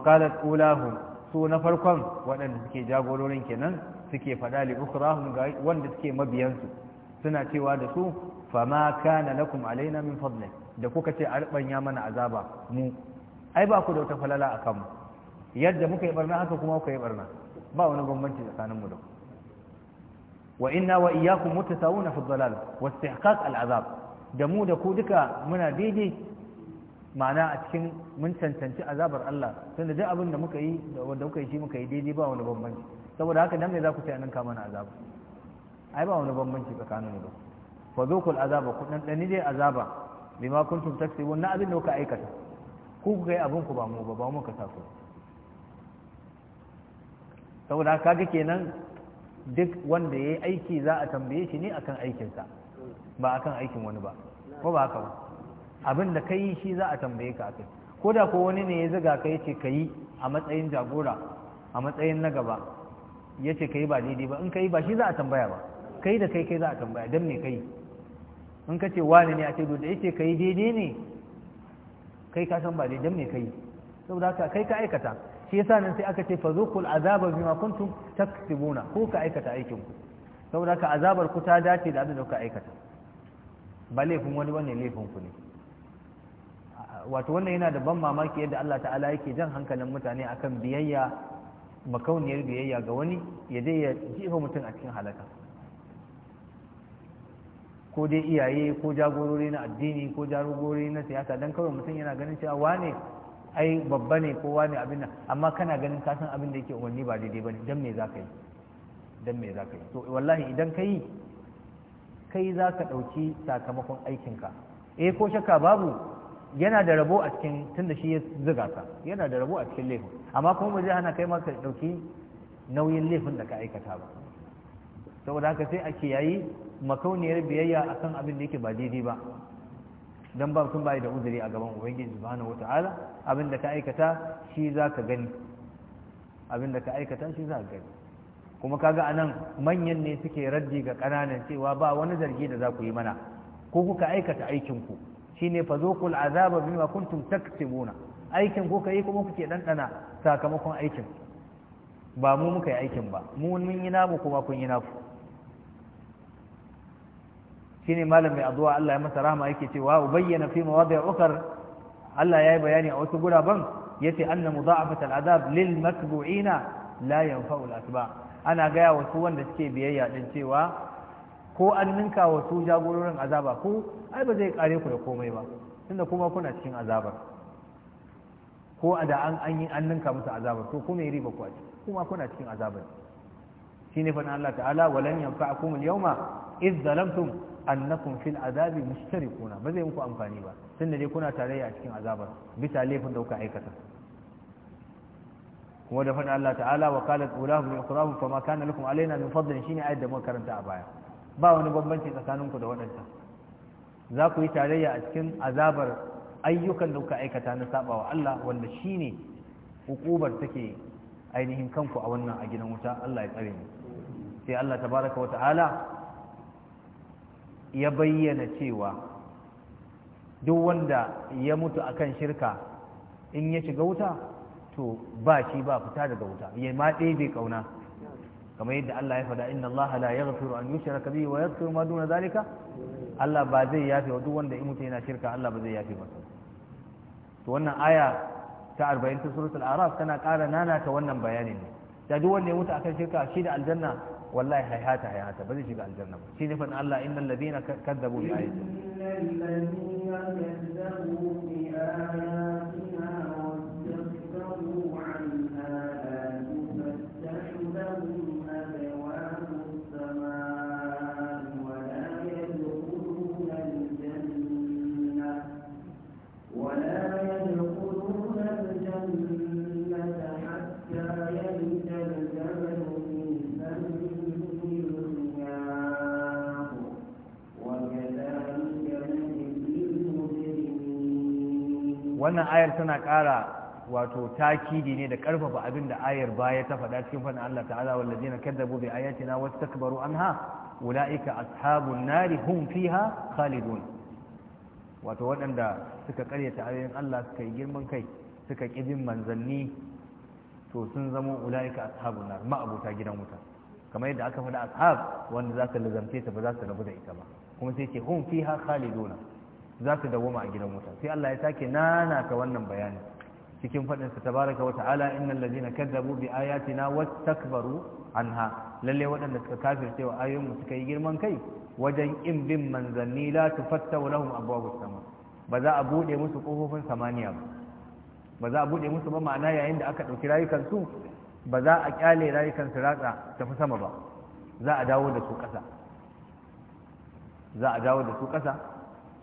[SPEAKER 1] وقالت أولاهم su na farkon waɗanda suke jagororin kenan suke faɗa li ukhrahum wanda suke mabiyansu suna cewa da su fama kana lakum alaina min fadli da kuka ce arbanya mana azaba mu ai ba ku da wata falala a kanmu yadda muka yi barna haka kuma kuka yi barna ba wani gwamnati tsakanin mu da ku wa inna wa iyyakum mutasawuna fi dhalal wa istihqaq al azab da mu da ku duka muna daidai ma'ana a cikin mun cancanci azabar Allah tunda duk abin da muka yi da wanda muka yi shi muka yi daidai ba wani bambanci saboda haka nan ne za ku ce anan ka mana azaba ai ba wani bambanci tsakanin ba fa zukul azaba ku dan dani dai azaba bima kuntum taksibun na abin da kuka aikata ku kuka yi abin ku ba mu ba ba mu ka sa ku saboda haka kaga kenan duk wanda yayi aiki za a tambaye shi ne akan aikinsa ba akan aikin wani ba ko ba haka ba abin da ka yi shi za a tambaye ka akai ko da ko wani ne ya zuga ka yace ka yi a matsayin jagora a matsayin na gaba yace ka yi ba daidai ba in ka yi ba shi za a tambaya ba kai da kai kai za a tambaya dan me kai in ka ce wani ne a ce da yace ka yi daidai ne kai ka san ba daidai dan me kai saboda haka kai ka aikata shi yasa nan sai aka ce fazuqul azaba bima kuntum taktibuna ko ka aikata aikin ku saboda haka azabar ku ta dace da abin da kuka aikata ba laifin wani wannan laifin ku ne wato wannan yana da ban mamaki yadda Allah ta'ala yake jan hankalin mutane akan biyayya makauniyar biyayya ga wani ya je ya jefa mutum a cikin halaka ko dai iyaye ko jagorori na addini ko jagorori na siyasa dan kawai mutum yana ganin cewa wane ai babba ne ko wane abin nan amma kana ganin ka san abin da yake umarni ba daidai bane dan me za ka yi dan me za ka yi to wallahi idan kai kai ka ɗauki sakamakon aikinka eh ko shakka babu yana da rabo a cikin tun da shi ya zuga ka yana da rabo a cikin laifin amma kuma ba zai hana kai ma ka dauki nauyin laifin da ka aikata ba saboda haka sai a kiyayi makauniyar biyayya akan abin da yake ba daidai ba dan ba sun bai da uzuri a gaban ubangiji subhanahu wataala abin da ka aikata shi za ka gani abin da ka aikata shi za ka gani kuma kaga anan manyan ne suke raddi ga kananan cewa ba wani zargi da za ku yi mana ko kuka aikata aikinku ku shine fazuqul azaba bima kuntum taktibuna aikin ko kai kuma kuke dandana sakamakon aikin ba mu muka yi aikin ba mu mun yi namu kuma kun yi naku shine malam mai addu'a Allah ya masa rahama yake cewa ubayyana fi mawadi' ukar Allah yayi bayani a wasu guraban yace anna mudha'afat al'adab lil matbu'ina la yanfa'u al ana gaya wasu wanda suke biyayya din cewa ko an ninka wasu jagororin azaba ko ai ba zai kare ku da komai ba tunda kuma kuna cikin azabar ko a da an an yi an ninka musu azabar to kuma riba ku a kuma kuna cikin azabar shine fana Allah ta'ala walan yanfa'akum al-yawma idh zalamtum annakum fil azabi mushtarikuna ba zai muku amfani ba tunda dai kuna tare a cikin azabar bisa laifin da kuka aikata kuma da fana Allah ta'ala wa qalat ulahum li ukhrahum fama kana lakum alaina min fadlin shine ayat da muka karanta a baya ba wani bambanci tsakaninku da waɗanda. za ku yi tarayya a cikin azabar ayyukan da kuka aikata na saba wa Allah wanda shi ne hukubar take ainihin kanku a wannan a gidan wuta Allah ya tsare ni. sai Allah tabaraka wa ta'ala ya bayyana cewa duk wanda ya mutu akan shirka in ya shiga wuta to ba shi ba fita daga wuta ya ma bai kauna kamar yadda Allah ya faɗa inna Allah la yaghfiru an yushraka bihi wa yaghfiru ma duna zalika Allah ba zai yafe wa duk wanda in yana shirka Allah ba zai yafe masa to wannan aya ta 40 ta suratul araf tana ƙara nanata wannan bayanin ne da duk wanda ya mutu akan shirka shi da aljanna wallahi hayata hayata ba zai shiga aljanna ba shi ne fa Allah innal ladina kadzabu bi ayatina
[SPEAKER 2] innal ladina kadzabu bi ayatina wa
[SPEAKER 1] wannan ayar tana ƙara wato takidi ne da ƙarfafa abin da ayar baya ta faɗa cikin faɗin Allah ta'ala wallazina kadzabu bi ayatina wastakbaru anha ulaika ashabun nari hum fiha khalidun wato waɗanda suka karyata ayoyin Allah suka yi girman kai suka ƙi bin manzanni to sun zama ulaika ashabun nar ma'abuta gidan wuta kamar yadda aka faɗa ashab wanda za su lazamce ta ba za su rabu da ita ba kuma sai ce hum fiha khaliduna za su dawoma a gidan wuta sai Allah ya sake nana ka wannan bayani cikin faɗin sa tabaraka wata'ala innal ladina kadzabu bi ayatina wastakbaru anha lalle waɗanda suka kafirce wa ayoyin mu suka yi girman kai wajen in bin manzanni la tufattahu lahum abwabu sama ba za a bude musu kofofin samaniya ba ba za a bude musu ba ma'ana yayin da aka ɗauki rayukan su ba za a kyale rayukan su ratsa tafi sama ba za a dawo da su ƙasa za a dawo da su ƙasa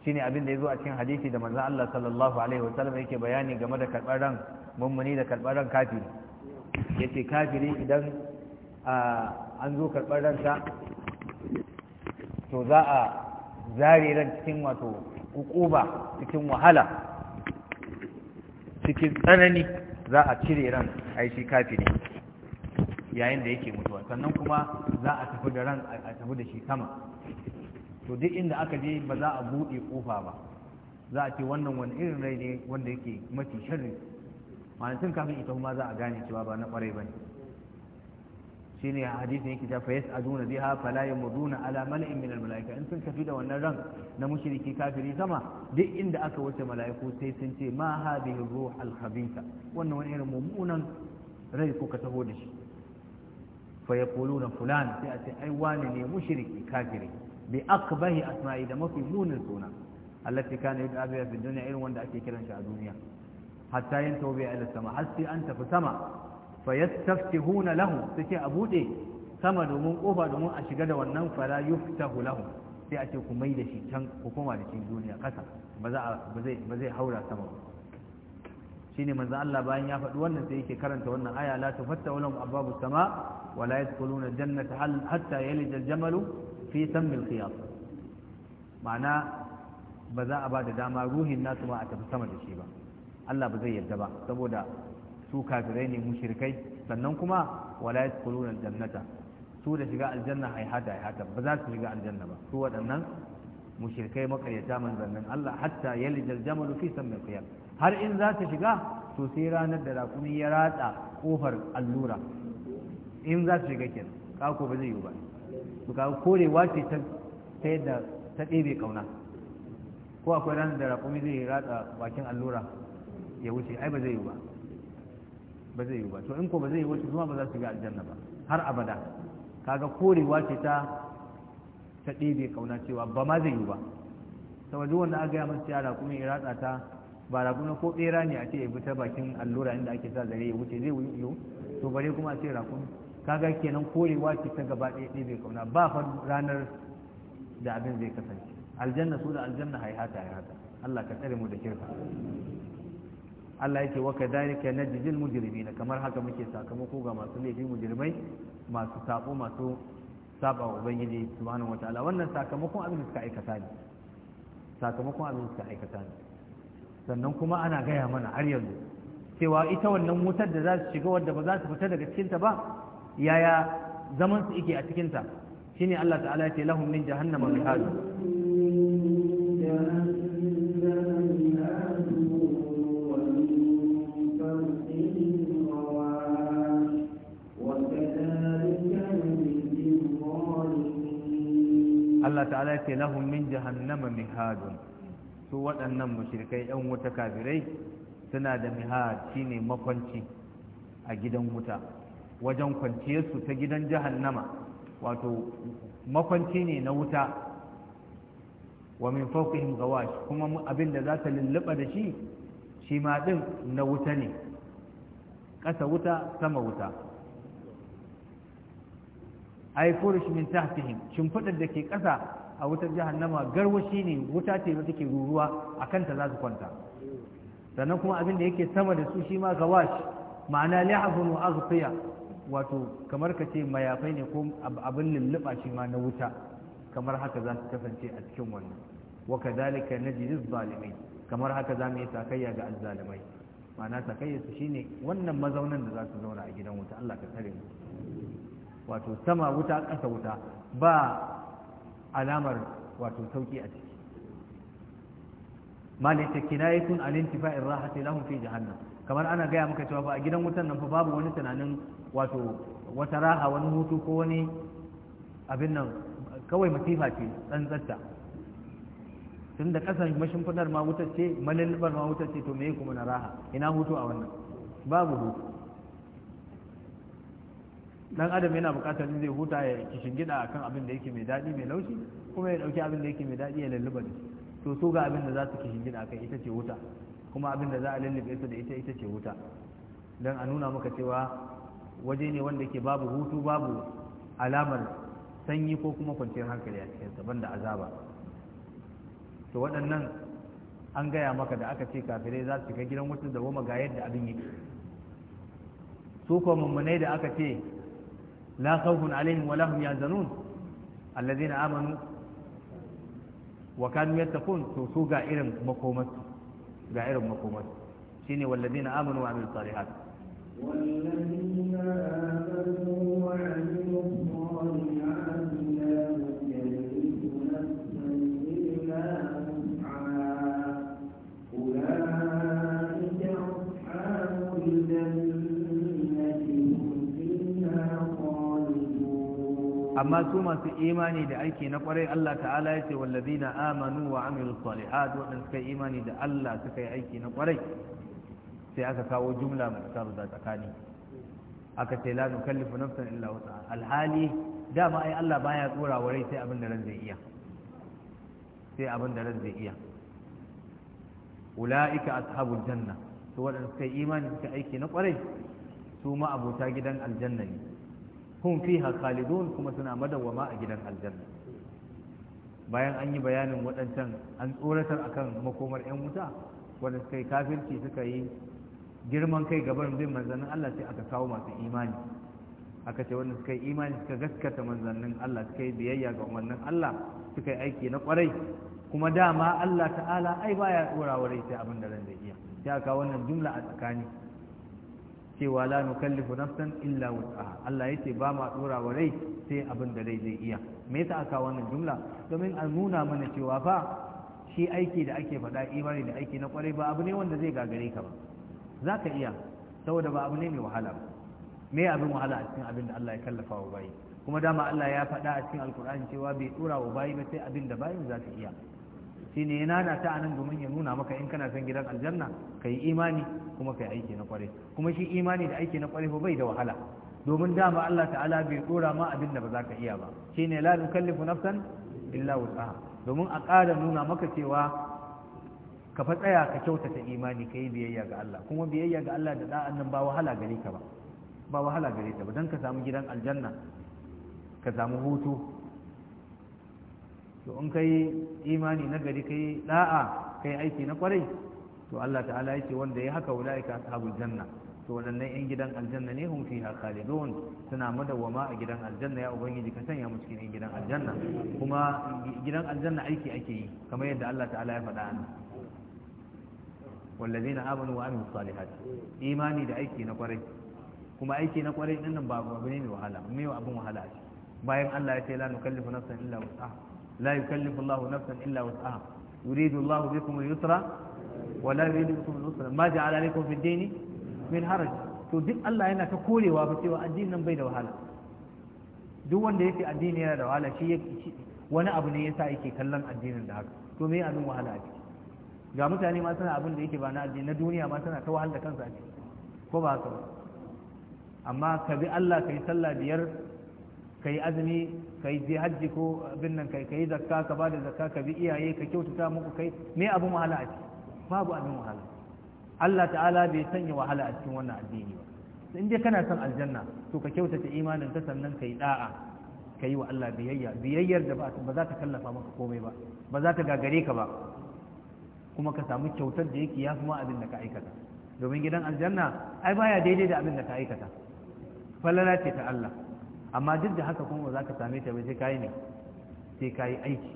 [SPEAKER 1] shine abin da ya zo a cikin hadisi da manzon Allah sallallahu alaihi wasallam yake bayani game da karɓar ran mummuni da karɓar ran kafiri yace kafiri idan an zo karɓar ransa to za a zare ran cikin wato hukuba cikin wahala cikin tsanani za a cire ran ai kafiri yayin da yake mutuwa sannan kuma za a tafi da ran a tafi da shi sama to duk inda aka je ba za a buɗe ƙofa ba za a ce wannan wani irin rai ne wanda yake mafi sharri ma'ana kafin ita kuma za a gane cewa ba na ƙwarai ba ne shi ne hadisin yake ta fa yas'aduna biha fala yamuduna ala mala'in min al-mala'ika in sun tafi da wannan ran na mushriki kafiri sama duk inda aka wuce mala'iku sai sun ce ma hadhihi ruh al-khabitha wannan wani irin mummunan rai kuka taho da shi fa yaquluna fulan sai a ce ai wani ne mushriki kafiri bi akbahi asma'i da mafi munin suna allati kana yadda abiya fi dunya irin wanda ake kiran shi a duniya hatta yin tawbi ila sama har an tafi sama fa yastaftihuna lahu sai a bude sama domin kofa domin a shiga da wannan fala yuftahu lahu sai a ce ku mai da shi can ku koma duniya kasa ba zai haura sama ba shine manzo Allah bayan ya faɗi wannan sai yake karanta wannan aya la tufatta lahum abwabu sama wa la yadkhuluna jannata hatta yalija al-jamalu fi sammil khiyar ma'ana ba za a ba da dama ruhin nasu ma a tafi sama da shi ba Allah ba zai yarda ba saboda su kafirai ne mushrikai sannan kuma wala yadkhuluna aljannata su da shiga aljanna haihata haihata ba za su shiga aljanna ba su waɗannan mushrikai makaryata manzannin Allah hatta yalijal jamalu fi sammil khiyar har in za ta shiga to sai ranar da rakumi ya ratsa kofar allura in za ta shiga kenan kako ba zai yi ba su ga korewa ce ta yadda ta ɗebe ƙauna ko akwai ranar da raƙumi zai ratsa bakin allura ya wuce ai ba zai yi ba ba zai yi ba to in ko ba zai yi wuce kuma ba za su ga aljanna ba har abada kaga korewa ce ta ta ɗebe ƙauna cewa ba ma zai yi ba saboda wanda aka gaya masa yara kuma ya ratsa ta ba raƙumi ko ɓera ne a ce ya bi ta bakin allura inda ake sa zare ya wuce zai yi to bare kuma a ce raƙumi kaga kenan korewa ce ta gaba ɗaya ɗaya bai kauna ba fa ranar da abin zai kasance aljanna su da aljanna haihata haihata Allah ka tsare mu da kirka Allah yake wa kadhalika najzil mujrimin kamar haka muke sakamako ga masu laifi mujrimai masu sabo masu saba wa ubangiji subhanahu wataala wannan sakamakon abin da suka aikata ne sakamakon abin da suka aikata ne sannan kuma ana gaya mana har yanzu cewa ita wannan wutar da za su shiga wadda ba za su fita daga cikinta ba yaya zaman su yake a cikin ta shine Allah ta'ala ya ce lahum min jahannama mihadu Allah ta'ala ya ce lahum min jahannama mihadun su waɗannan mushrikai ɗan wuta kafirai suna da mihad shine makwanci a gidan wuta wajen kwanciyarsu ta gidan jahannama wato makwanci ne na wuta wa min fawqihim gawash, kuma abin da za ta lulluɓa da shi shi ma din na wuta ne ƙasa wuta sama wuta ay furush min tahtihim shimfiɗar da ke ƙasa a wutar jahannama garwashi ne wuta ce da take ruruwa a kanta za su kwanta sannan kuma abin da yake sama da su shi ma gawash ma'ana la'abun wa aghfiya wato kamar ka ce mayafai ne ko abin lulluɓa shi ma na wuta kamar haka za su kasance a cikin wannan wa kadhalika najzi zalimai kamar haka za mu yi sakayya ga azzalimai ma'ana sakayya su shine wannan mazaunan da za su zauna a gidan wuta Allah ka tare mu wato sama wuta ƙasa wuta ba alamar wato sauki a ciki ma ne ta kinayatun al-intifa'ir rahati lahum fi jahannam kamar ana gaya maka cewa ba a gidan wutan nan fa babu wani tunanin wato wata raha wani hutu ko wani abin nan kawai masifa ce tsantsatta tun da kasan mashimfidar ma wutar ce malalbar ma wutar ce to me kuma na raha ina hutu a wannan babu hutu dan adam yana bukatar zai huta ya kishin gida akan abin da yake mai daɗi mai laushi kuma ya ɗauki abin da yake mai daɗi ya lalluba to su ga abin da za su kishin gida akan ita ce wuta kuma abin da za a lullube su da ita ita ce wuta don a nuna maka cewa waje ne wanda ke babu hutu babu alamar sanyi ko kuma kwanciyar hankali a sa banda azaba to waɗannan an gaya maka da aka ce kafirai za su shiga gidan wuta da goma ga yadda abin yake su ko mummunai da aka ce la khawfun alaihim wa lahum yahzanun alladhina amanu wa kanu yattaqun to su ga irin makomansu دائرة مقومات شيني والذين آمنوا وعملوا الصالحات
[SPEAKER 2] والذين آمنوا
[SPEAKER 1] amma su masu imani da aiki na kwarai Allah ta'ala ya ce na amanu wa amilu salihat waɗanda suka yi imani da Allah suka yi aiki na kwarai sai aka kawo jumla mai tsaro da tsakani aka ce la nukallifu nafsan illa wusa alhali dama ai Allah baya tsora wa rai sai abin da ran zai iya sai abin da ran zai iya ulaika ashabul janna to waɗanda suka yi imani suka aiki na kwarai su ma abota gidan aljanna ne hum fiha khalidun kuma suna madawwama a gidan aljanna bayan an yi bayanin waɗancan an tsoratar akan makomar 'yan wuta wanda suka yi kafirci suka yi girman kai gaban bin manzannin Allah sai aka kawo masu imani aka ce wanda suka yi imani suka gaskata manzannin Allah suka yi biyayya ga umarnin Allah suka yi aiki na kwarai kuma dama Allah ta'ala ai baya tsorawa wa rai sai abin da ran da iya sai aka kawo wannan jumla a tsakani cewa la nukallifu nafsan illa wus'aha Allah yace ba ma dora wa rai sai abin da rai zai iya me yasa aka wannan jumla domin a nuna mana cewa fa shi aiki da ake faɗa imani da aiki na kwarai ba abu ne wanda zai gagare ka ba zaka iya saboda ba abu ne mai wahala ba me abin wahala a cikin abin da Allah ya kallafa wa bayi kuma dama Allah ya faɗa a cikin alkur'ani cewa bai dora wa bayi ba sai abin da bayin zaka iya sine ya nana ta anan domin ya nuna maka in kana son gidan aljanna yi imani kuma yi aiki na kwarai kuma shi imani da aiki na kwarai bai da wahala domin dama Allah ta'ala bai dora ma abin da ba za ka iya ba shine la nukallifu nafsan illa wusaha domin a ƙara nuna maka cewa ka fa tsaya ka kyautata imani ka yi biyayya ga Allah kuma biyayya ga Allah da da'an nan ba wahala gare ka ba ba wahala gare ta ba don ka samu gidan aljanna ka samu hutu to in kai imani na gari kai da'a kai aiki na kwarai to Allah ta'ala yake wanda ya haka ulaika ashabul janna to waɗannan 'yan gidan aljanna ne hun fiha khalidun suna madawwama a gidan aljanna ya ubangiji ka sanya mu cikin 'yan gidan aljanna kuma gidan aljanna aiki ake yi kamar yadda Allah ta'ala ya faɗa ana wallazina amanu wa amilus salihat imani da aiki na kwarai kuma aiki na kwarai nan ba abu ne mai wahala mai abun wahala ce? bayan Allah ya ce la nukallifu nafsan illa wus'aha la yukallifu Allahu nafsan illa wus'aha yuridu Allahu bikum al-yusra wa la yuridu bikum al-usra ma ja'ala alaykum fi ad-din min haraj to duk Allah yana ta korewa fa cewa addinin nan bai da wahala duk wanda yake addini yana da wahala shi yake wani abu ne yasa yake kallon addinin da haka to me abin wahala a ciki ga mutane ma suna abin da yake ba na addini na duniya ma suna ta wahala kansa a ciki ko ba haka ba amma ka bi Allah ka yi sallah biyar ka yi azumi kai je hajji ko abin nan kai kai zakka ka bada zakka ka bi iyaye ka kyautata muku kai me abin wahala a ciki babu abin wahala Allah ta'ala bai sanya wahala a cikin wannan addini ba in dai kana son aljanna to ka kyautata imanin ta sannan kai da'a ka yi wa Allah biyayya biyayyar da ba za ta kallafa maka komai ba ba za ta gagare ka ba kuma ka samu kyautar da yake ya kuma abin da ka aikata domin gidan aljanna ai baya daidai da abin da ka aikata falala ce ta Allah amma duk da haka kuma za ka same ta ba sai kayi ne sai kayi aiki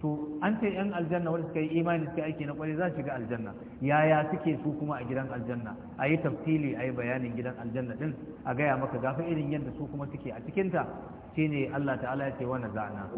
[SPEAKER 1] to an ce yan aljanna wanda suka yi imani suka aiki na kwarai za su shiga aljanna yaya suke su kuma a gidan aljanna a yi tafsili a yi bayanin gidan aljanna din a gaya maka gafa irin yadda su kuma suke a cikinta shine Allah ta'ala ya ce wani zana.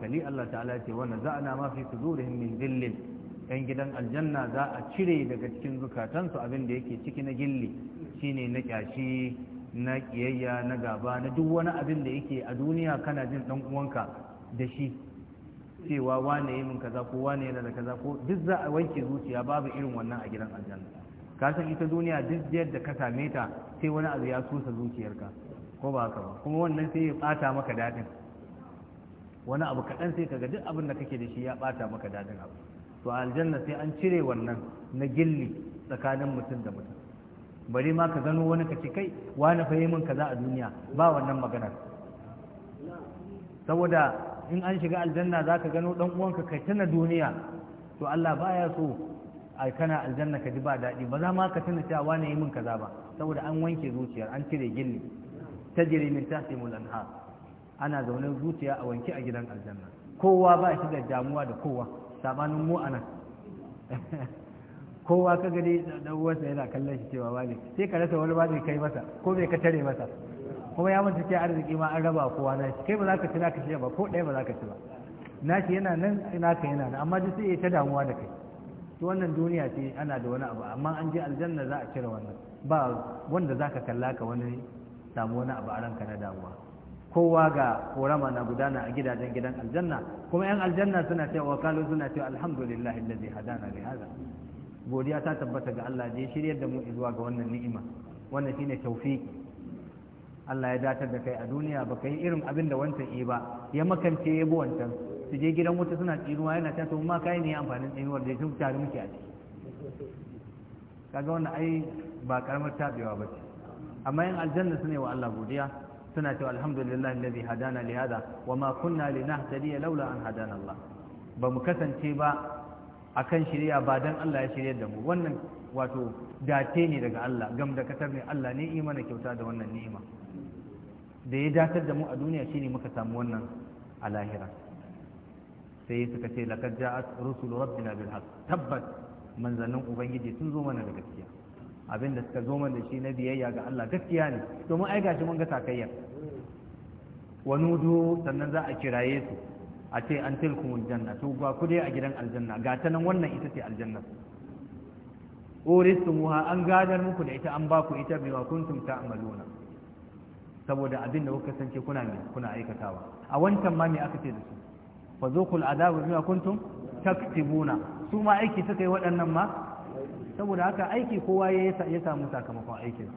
[SPEAKER 1] tawakkali Allah ta'ala ce wannan za mafi ma fi sudurihim min gillin yan gidan aljanna za a cire daga cikin zukatansu abin da yake ciki na gilli shine na kyashi na kiyayya na gaba na duk wani abin da yake a duniya kana jin dan uwanka da shi cewa wane yi min kaza ko wane yana da kaza ko duk za a wanke zuciya babu irin wannan a gidan aljanna ka san ita duniya duk yadda ka same ta sai wani abu ya tusa zuciyarka ko ba haka ba kuma wannan sai ya bata maka daɗin wani abu kaɗan sai kaga duk abin da kake da shi ya ɓata maka daɗin abu to a aljanna sai an cire wannan na gilli tsakanin mutum da mutum bari ma ka gano wani ka kai wani fa min kaza a duniya ba wannan maganar saboda in an shiga aljanna za ka gano ɗan uwanka kai tuna duniya to Allah baya so ai kana aljanna ka ji ba daɗi ba za ma ka tuna cewa wani yi min kaza ba saboda an wanke zuciyar an cire gilli tajri ta tahtimul anhar ana zaune zuciya a wanke a gidan aljanna kowa ba shi da damuwa da kowa sabanin mu anan [laughs] kowa ka gani dan uwansa yana kallon shi cewa wani sai ka rasa wani bazai kai masa ko bai ka tare masa kuma ya manta ke arziki ma an raba kowa na shi kai ba za ka ci na ka ba ko ɗaya ba za ka ci ba na shi yana nan na ka yana nan amma duk sai ya ta damuwa da kai to wannan duniya ce ana da wani abu amma an je aljanna za a cire wannan ba wanda za ka kalla ka wani samu wani abu a ranka na damuwa kowa ga korama na gudana a gidajen gidan aljanna kuma yan aljanna suna cewa kalu suna cewa alhamdulillah allazi hadana li hada godiya ta tabbata ga Allah da ya shiryar da mu zuwa ga wannan ni'ima wannan shine tawfiq Allah ya datar da kai a duniya baka yi irin abin da wancan yi ba ya makance ya wancan su je gidan wuta suna tsinuwa yana ta tuma kai ne amfanin tsinuwar da tun tare muke a
[SPEAKER 3] ciki
[SPEAKER 1] kaga wannan ai ba karamar tabewa ba ce amma yan aljanna su ne wa Allah godiya suna cewa alhamdulillah alladhi hadana li hada wa ma kunna linahtadiya laula an hadana Allah ba mu kasance ba akan shirya ba dan Allah ya shirya da mu wannan wato dace ne daga Allah gam da katar ne Allah ne imana mana kyauta da wannan ni'ima da ya datar da mu a duniya shine muka samu wannan a lahira sai suka ce laqad ja'at rusulu rabbina bil haqq tabbat manzannin ubangiji sun zo mana da gaskiya abin da suka zo man da shi na biyayya ga Allah gaskiya ne domin ai gashi mun ga takayya wa nudu sannan za a kiraye su a ce an tilkumul janna to ga ku dai a gidan aljanna ga ta nan wannan ita ce aljanna uristumuha an gadar muku da ita an ba ku ita bima kuntum ta'maluna saboda abin da kuka kasance kuna ne kuna aikatawa a wancan ma me aka ce da su fa zuqul adabu bima kuntum taktibuna su ma aiki suka yi waɗannan ma saboda haka aiki kowa ya samu sakamakon aikin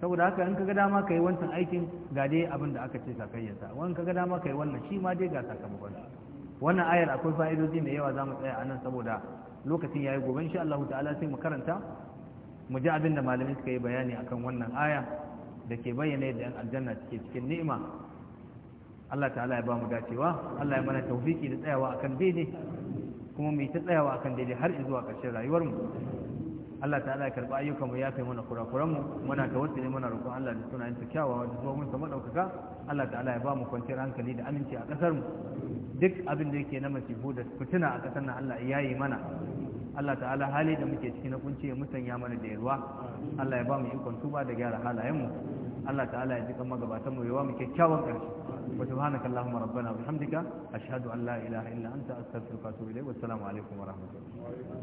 [SPEAKER 1] saboda haka in kaga dama kai wancan aikin ga dai abin da aka ce sakayyarsa wani kaga dama kai wannan shi ma dai ga sakamakon wannan ayar akwai fa'idoji mai yawa za mu tsaya a nan saboda lokacin ya yayi gobe shi Allah ta'ala sai mu karanta mu ji abin da malamai suka yi bayani akan wannan aya da ke bayyana yadda yan aljanna suke cikin ni'ima Allah ta'ala ya ba mu dacewa Allah ya mana tawfiki da tsayawa akan daidai kuma mai ta tsayawa kan daidai har zuwa ƙarshen rayuwarmu Allah ta'ala ya karɓi ayyukanmu ya kai mana kurakuranmu muna tawassuli muna roƙon Allah da suna sa kyawawa da zuwa mun maɗaukaka. madaukaka Allah ta'ala ya ba mu kwanciyar hankali da aminci a ƙasar mu duk abin da yake na masifu da fitina a ƙasar nan Allah ya yi mana Allah ta'ala hali da muke ciki na kunci ya musanya mana da yarwa Allah ya ba mu ikon tuba da gyara halayenmu Allah ta'ala ya ji kan magabatan mu yawa mu kyakkyawan karshe wa subhanaka allahumma rabbana wa bihamdika ashhadu an la ilaha illa anta astaghfiruka wa atubu ilayk wa assalamu alaikum wa rahmatullahi